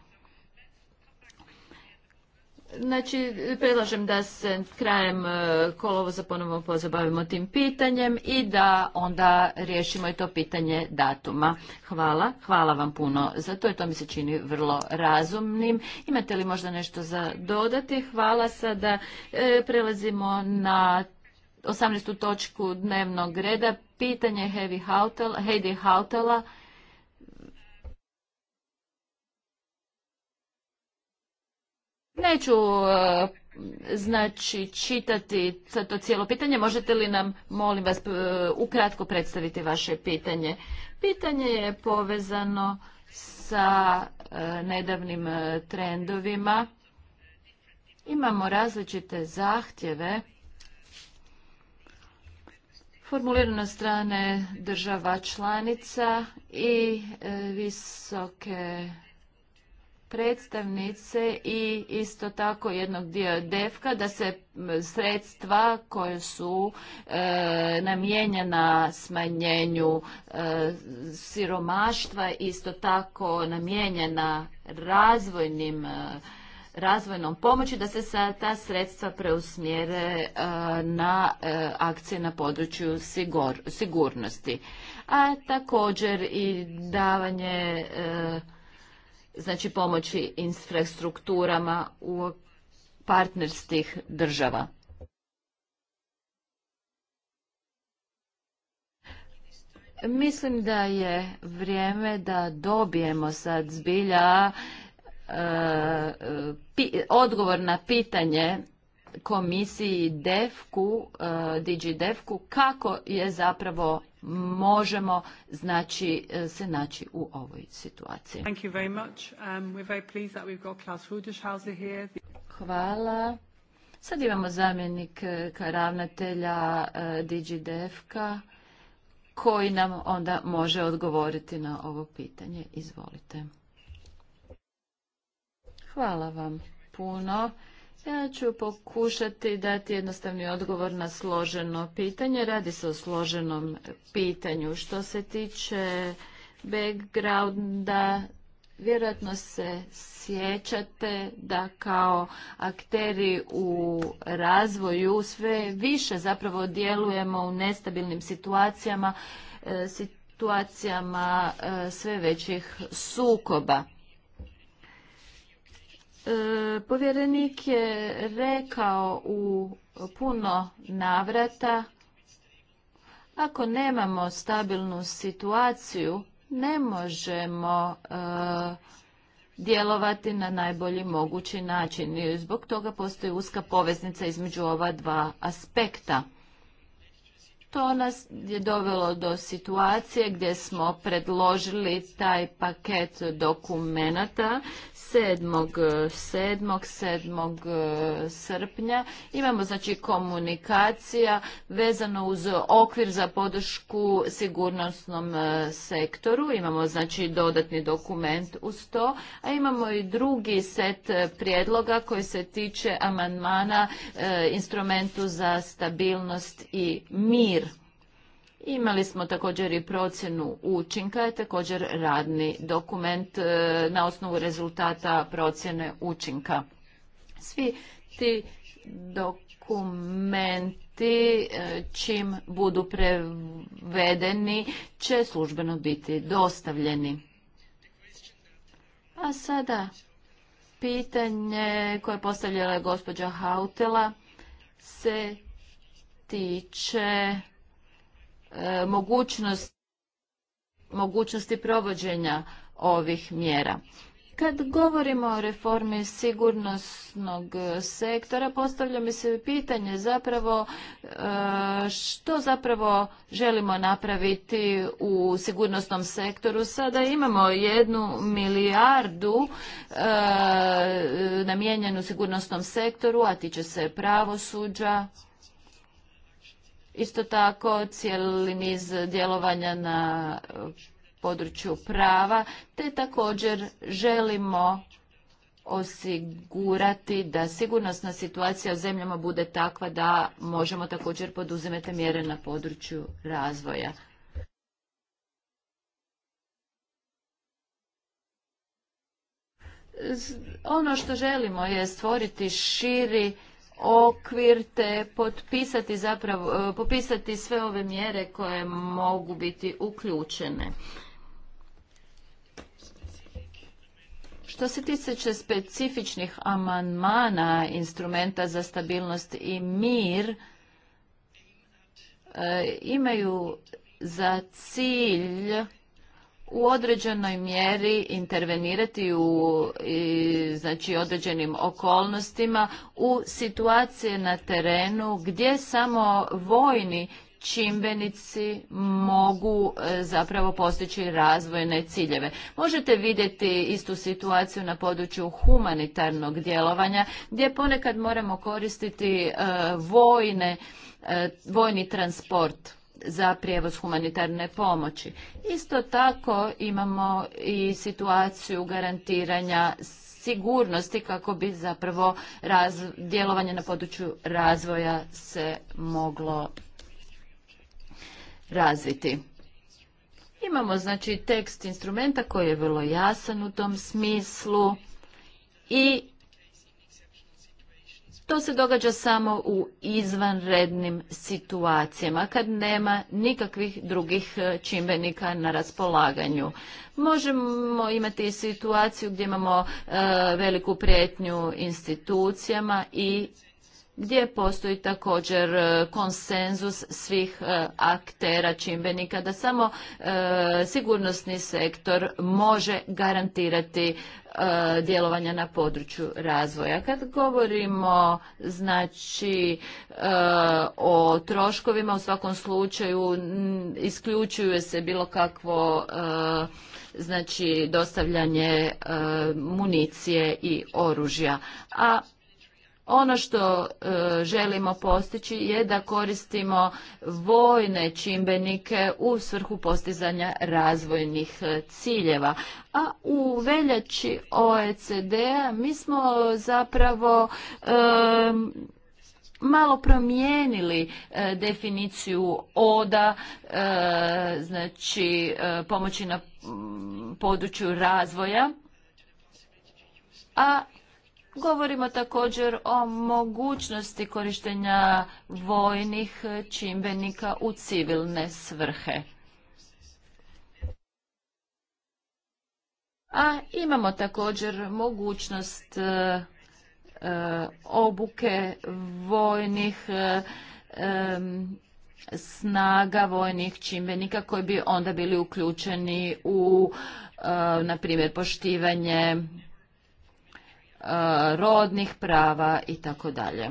Znači, predlažem da se krajem e, kolovoza ponovno pozabavimo tim pitanjem i da onda riješimo i to pitanje datuma. Hvala, hvala vam puno za to i to mi se čini vrlo razumnim. Imate li možda nešto za dodati? Hvala sada. E, prelazimo na 18. točku dnevnog reda. Pitanje Heidi Hautela. Neću e, znači čitati to cijelo pitanje. Možete li nam, molim vas, e, ukratko predstaviti vaše pitanje? Pitanje je povezano sa e, nedavnim trendovima. Imamo različite zahtjeve formulirano strane država članica i visoke predstavnice i isto tako jednog dio defka da se sredstva koje su e, namijenjena smanjenju e, siromaštva isto tako namijenjena razvojnim e, razvojnom pomoći da se sa ta sredstva preusmjere e, na akcije na području sigurnosti a također i davanje znači pomoći infrastrukturama u partnerskih država. Mislim da je vrijeme da dobijemo sad zbilja e, e, odgovor na pitanje komisiji DEFKU, e, DG DEFKU, kako je zapravo možemo znači e, se naći u ovoj situaciji. Thank Hvala. Sad imamo zamjenika e, ravnatelja e, koji nam onda može odgovoriti na ovo pitanje. Izvolite. Hvala vam puno. Ja ću pokušati dati jednostavni odgovor na složeno pitanje. Radi se o složenom pitanju. Što se tiče backgrounda, vjerojatno se sjećate da kao akteri u razvoju sve više zapravo djelujemo u nestabilnim situacijama, e, situacijama e, sve većih sukoba. E, povjerenik je rekao u puno navrata, ako nemamo stabilnu situaciju, ne možemo e, djelovati na najbolji mogući način. I zbog toga postoji uska poveznica između ova dva aspekta. To nas je dovelo do situacije gdje smo predložili taj paket dokumenata 7. 7. E, srpnja. Imamo znači komunikacija vezano uz okvir za podršku sigurnosnom e, sektoru. Imamo znači dodatni dokument uz to, a imamo i drugi set prijedloga koji se tiče amandmana e, instrumentu za stabilnost i mir Imali smo također i procjenu učinka, je također radni dokument e, na osnovu rezultata procjene učinka. Svi ti dokumenti e, čim budu prevedeni će službeno biti dostavljeni. A sada pitanje koje postavljala gospođa Hautela se tiče E, mogućnosti provođenja ovih mjera. Kad govorimo o reformi sigurnosnog sektora, postavlja mi se pitanje zapravo e, što zapravo želimo napraviti u sigurnosnom sektoru. Sada imamo jednu milijardu e, namijenjenu sigurnosnom sektoru, a tiče se pravosuđa, Isto tako cijeli niz djelovanja na području prava, te također želimo osigurati da sigurnosna situacija u zemljama bude takva da možemo također poduzimati mjere na području razvoja. Ono što želimo je stvoriti širi okvir te potpisati zapravo, e, popisati sve ove mjere koje mogu biti uključene. Što se tiče specifičnih amandmana instrumenta za stabilnost i mir, e, imaju za cilj u određenoj mjeri intervenirati u i, znači, određenim okolnostima u situacije na terenu gdje samo vojni čimbenici mogu e, zapravo postići razvojne ciljeve. Možete vidjeti istu situaciju na području humanitarnog djelovanja gdje ponekad moramo koristiti e, vojne, e, vojni transport za prijevoz humanitarne pomoći. Isto tako imamo i situaciju garantiranja sigurnosti kako bi zapravo djelovanje na području razvoja se moglo razviti. Imamo znači tekst instrumenta koji je vrlo jasan u tom smislu i to se događa samo u izvanrednim situacijama kad nema nikakvih drugih e, čimbenika na raspolaganju. Možemo imati situaciju gdje imamo e, veliku prijetnju institucijama i gdje postoji također e, konsenzus svih e, aktera čimbenika da samo e, sigurnosni sektor može garantirati djelovanja na području razvoja. Kad govorimo znači o troškovima u svakom slučaju isključuje se bilo kakvo znači dostavljanje municije i oružja. A ono što e, želimo postići je da koristimo vojne čimbenike u svrhu postizanja razvojnih e, ciljeva. A u veljači OECD-a mi smo zapravo e, malo promijenili definiciju oda, znači pomoći na području razvoja, a Govorimo također o mogućnosti korištenja vojnih čimbenika u civilne svrhe. A imamo također mogućnost e, e, obuke vojnih e, snaga vojnih čimbenika koji bi onda bili uključeni u, na primjer, poštivanje Eh, rodnih prava i tako dalje.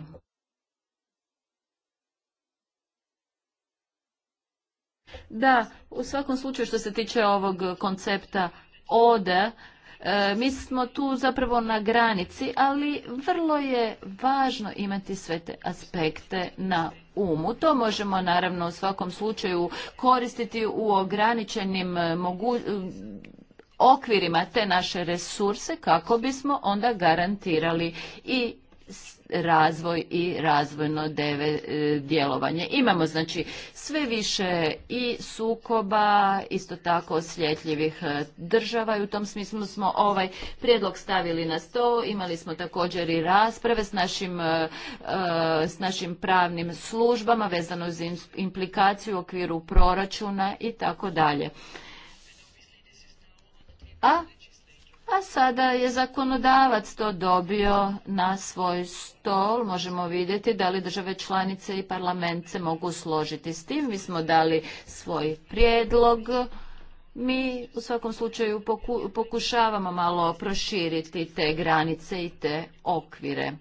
Da, u svakom slučaju što se tiče ovog koncepta ode, eh, mi smo tu zapravo na granici, ali vrlo je važno imati sve te aspekte na umu. To možemo naravno u svakom slučaju koristiti u ograničenim eh, mogućnostima okvirima te naše resurse kako bismo onda garantirali i razvoj i razvojno deve, e, djelovanje. Imamo znači sve više i sukoba, isto tako osjetljivih e, država i u tom smislu smo ovaj prijedlog stavili na sto. Imali smo također i rasprave s našim, e, s našim pravnim službama vezano za implikaciju u okviru proračuna i tako dalje a, a sada je zakonodavac to dobio na svoj stol. Možemo vidjeti da li države članice i parlament se mogu složiti s tim. Mi smo dali svoj prijedlog. Mi u svakom slučaju pokušavamo malo proširiti te granice i te okvire.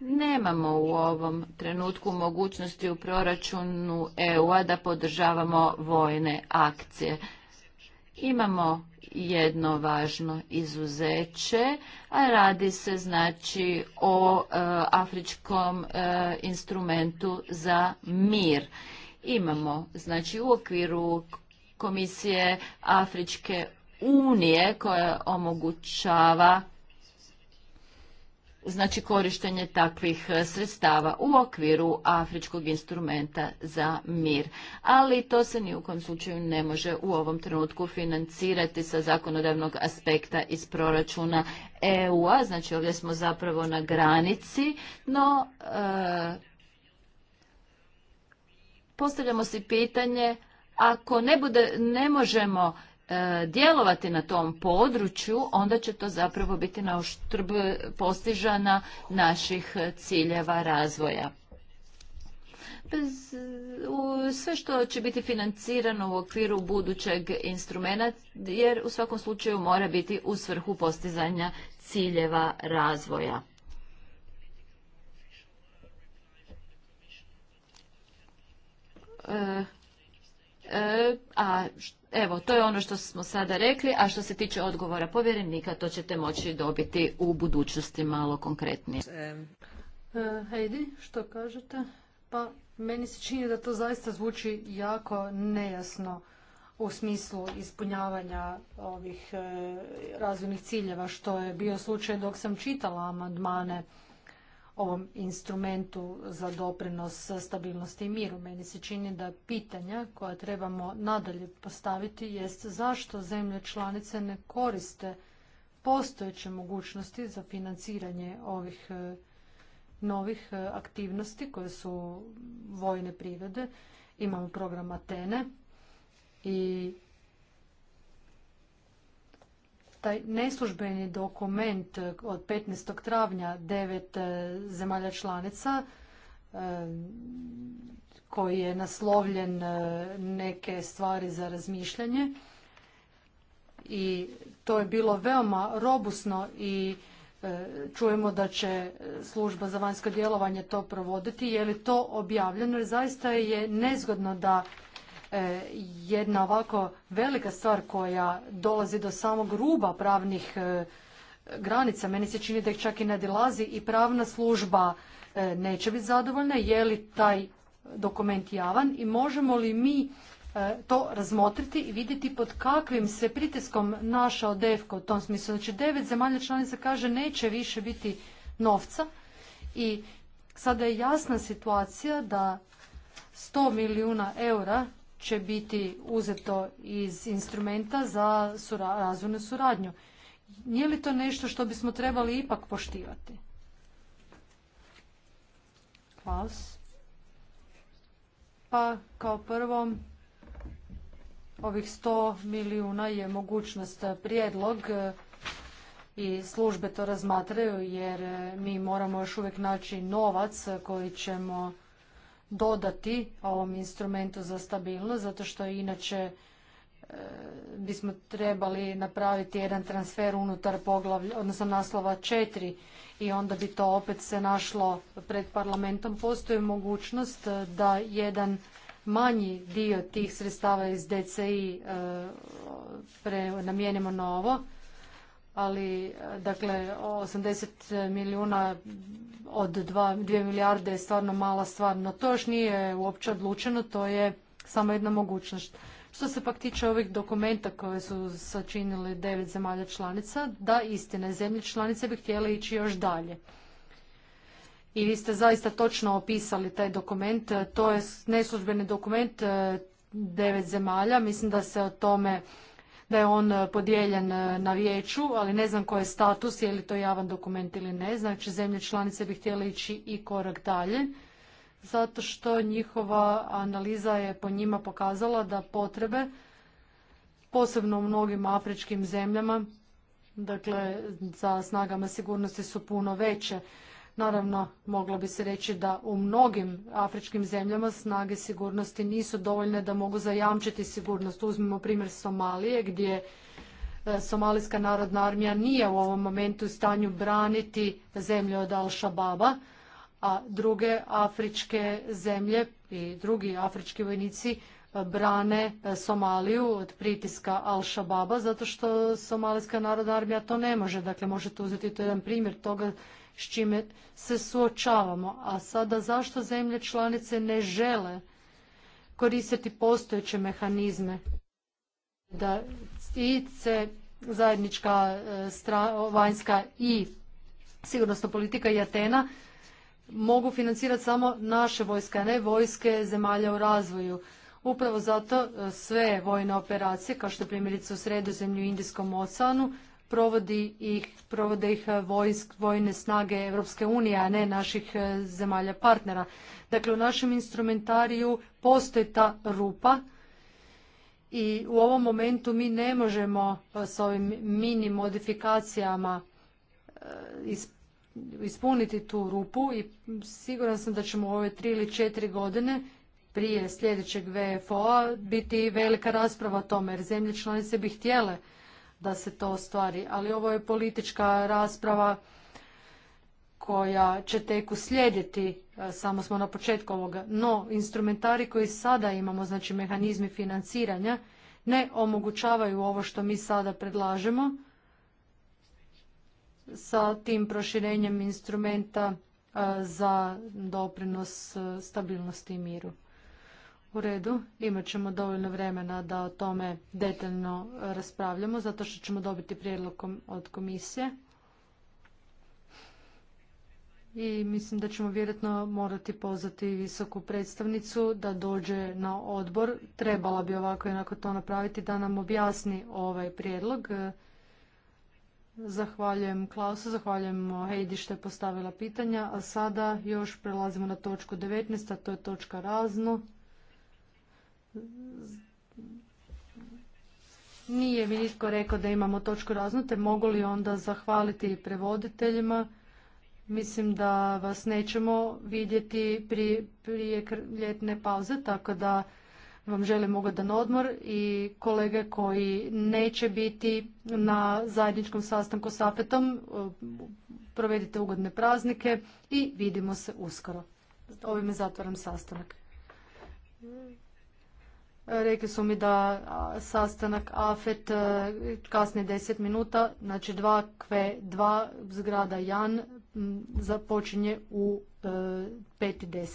Nemamo u ovom trenutku mogućnosti u proračunu EU-a da podržavamo vojne akcije. Imamo jedno važno izuzeće, a radi se znači o e, afričkom e, instrumentu za mir. Imamo znači u okviru Komisije Afričke unije koja omogućava znači korištenje takvih e, sredstava u okviru afričkog instrumenta za mir. Ali to se ni u kom slučaju ne može u ovom trenutku financirati sa zakonodavnog aspekta iz proračuna EU-a, znači ovdje smo zapravo na granici, no e, postavljamo si pitanje ako ne, bude, ne možemo E, djelovati na tom području, onda će to zapravo biti na uštrb postižana naših ciljeva razvoja. sve što će biti financirano u okviru budućeg instrumenta, jer u svakom slučaju mora biti u svrhu postizanja ciljeva razvoja. E, e, Evo, to je ono što smo sada rekli, a što se tiče odgovora povjerenika, to ćete moći dobiti u budućnosti malo konkretnije. E, Heidi, što kažete? Pa, meni se čini da to zaista zvuči jako nejasno u smislu ispunjavanja ovih e, razvojnih ciljeva, što je bio slučaj dok sam čitala amandmane ovom instrumentu za doprinos stabilnosti i miru. Meni se čini da pitanja koja trebamo nadalje postaviti jest zašto zemlje članice ne koriste postojeće mogućnosti za financiranje ovih e, novih e, aktivnosti koje su vojne prirode. Imamo program Atene i taj neslužbeni dokument od 15. travnja devet e, zemalja članica e, koji je naslovljen e, neke stvari za razmišljanje i to je bilo veoma robusno i čujemo da će služba za vanjsko djelovanje to provoditi. Je li to objavljeno? Jer zaista je nezgodno da E, jedna ovako velika stvar koja dolazi do samog ruba pravnih e, granica. Meni se čini da ih čak i nadilazi i pravna služba e, neće biti zadovoljna je li taj dokument javan i možemo li mi to razmotriti i vidjeti pod kakvim se pritiskom našao DEFKO u tom smislu. Znači devet zemalja članica kaže neće više biti novca i sada je jasna situacija da 100 milijuna eura će biti uzeto iz instrumenta za razvojnu suradnju. Nije li to nešto što bismo trebali ipak poštivati? Klaus? Pa kao prvo, ovih 100 milijuna je mogućnost e, prijedlog e, i službe to razmatraju jer e, mi moramo još uvijek naći novac koji ćemo dodati ovom instrumentu za stabilnost, zato što inače e, bismo trebali napraviti jedan transfer unutar poglavlja, odnosno naslova četiri i onda bi to opet se našlo pred parlamentom. Postoji mogućnost da jedan manji dio tih sredstava iz DCI e, prenamijenimo na ovo ali dakle 80 milijuna od 2, milijarde je stvarno mala stvar, no to još nije uopće odlučeno, to je samo jedna mogućnost. Što se pak tiče ovih dokumenta koje su sačinili devet zemalja članica, da istina, zemlje članice bi htjele ići još dalje. I vi ste zaista točno opisali taj dokument, to je neslužbeni dokument eh, devet zemalja, mislim da se o tome da je on e, podijeljen e, na vijeću, ali ne znam koji je status, je li to javan dokument ili ne. Znači, zemlje članice bi htjele ići i korak dalje, zato što njihova analiza je po njima pokazala da potrebe, posebno u mnogim afričkim zemljama, dakle, za snagama sigurnosti su puno veće. Naravno, moglo bi se reći da u mnogim afričkim zemljama snage sigurnosti nisu dovoljne da mogu zajamčiti sigurnost. Uzmimo primjer Somalije gdje e, Somalijska narodna armija nije u ovom momentu u stanju braniti zemlje od Al-Shababa, a druge afričke zemlje i drugi afrički vojnici e, brane e, Somaliju od pritiska Al-Shababa zato što Somalijska narodna armija to ne može. Dakle, možete uzeti to jedan primjer toga s čime se suočavamo. A sada zašto zemlje članice ne žele koristiti postojeće mehanizme da i se zajednička e, stra, vanjska i sigurnosna politika i Atena mogu financirati samo naše vojske, a ne vojske zemalja u razvoju. Upravo zato e, sve vojne operacije, kao što je primjerice u Sredozemlju i Indijskom oceanu, provodi ih, provode ih eh, vojsk, vojne snage Europske unije, a ne naših eh, zemalja partnera. Dakle, u našem instrumentariju postoji ta rupa i u ovom momentu mi ne možemo eh, s ovim mini modifikacijama ispuniti tu rupu i siguran sam da ćemo u ove tri ili četiri godine prije sljedećeg VFO-a biti velika rasprava o tome jer zemlje članice bi htjele da se to ostvari. Ali ovo je politička rasprava koja će tek uslijediti, e, samo smo na početku ovoga. No, instrumentari koji sada imamo, znači mehanizmi financiranja, ne omogućavaju ovo što mi sada predlažemo sa tim proširenjem instrumenta e, za doprinos e, stabilnosti i miru. U redu, imat ćemo dovoljno vremena da o tome detaljno raspravljamo, zato što ćemo dobiti prijedlog od komisije. I mislim da ćemo vjerojatno morati pozvati visoku predstavnicu da dođe na odbor. Trebala bi ovako jednako to napraviti da nam objasni ovaj prijedlog. Zahvaljujem Klausu, zahvaljujem Heidi što je postavila pitanja, a sada još prelazimo na točku 19, a to je točka razno. Nije mi nitko rekao da imamo točku raznute. Mogu li onda zahvaliti prevoditeljima? Mislim da vas nećemo vidjeti prije, prije ljetne pauze, tako da vam želim ugodan odmor i kolege koji neće biti na zajedničkom sastanku s Apetom, provedite ugodne praznike i vidimo se uskoro. Ovime zatvaram sastanak. Rekli su mi da sastanak AFET e, kasne 10 minuta, znači 2 kve 2 zgrada Jan započinje u 5.10. E,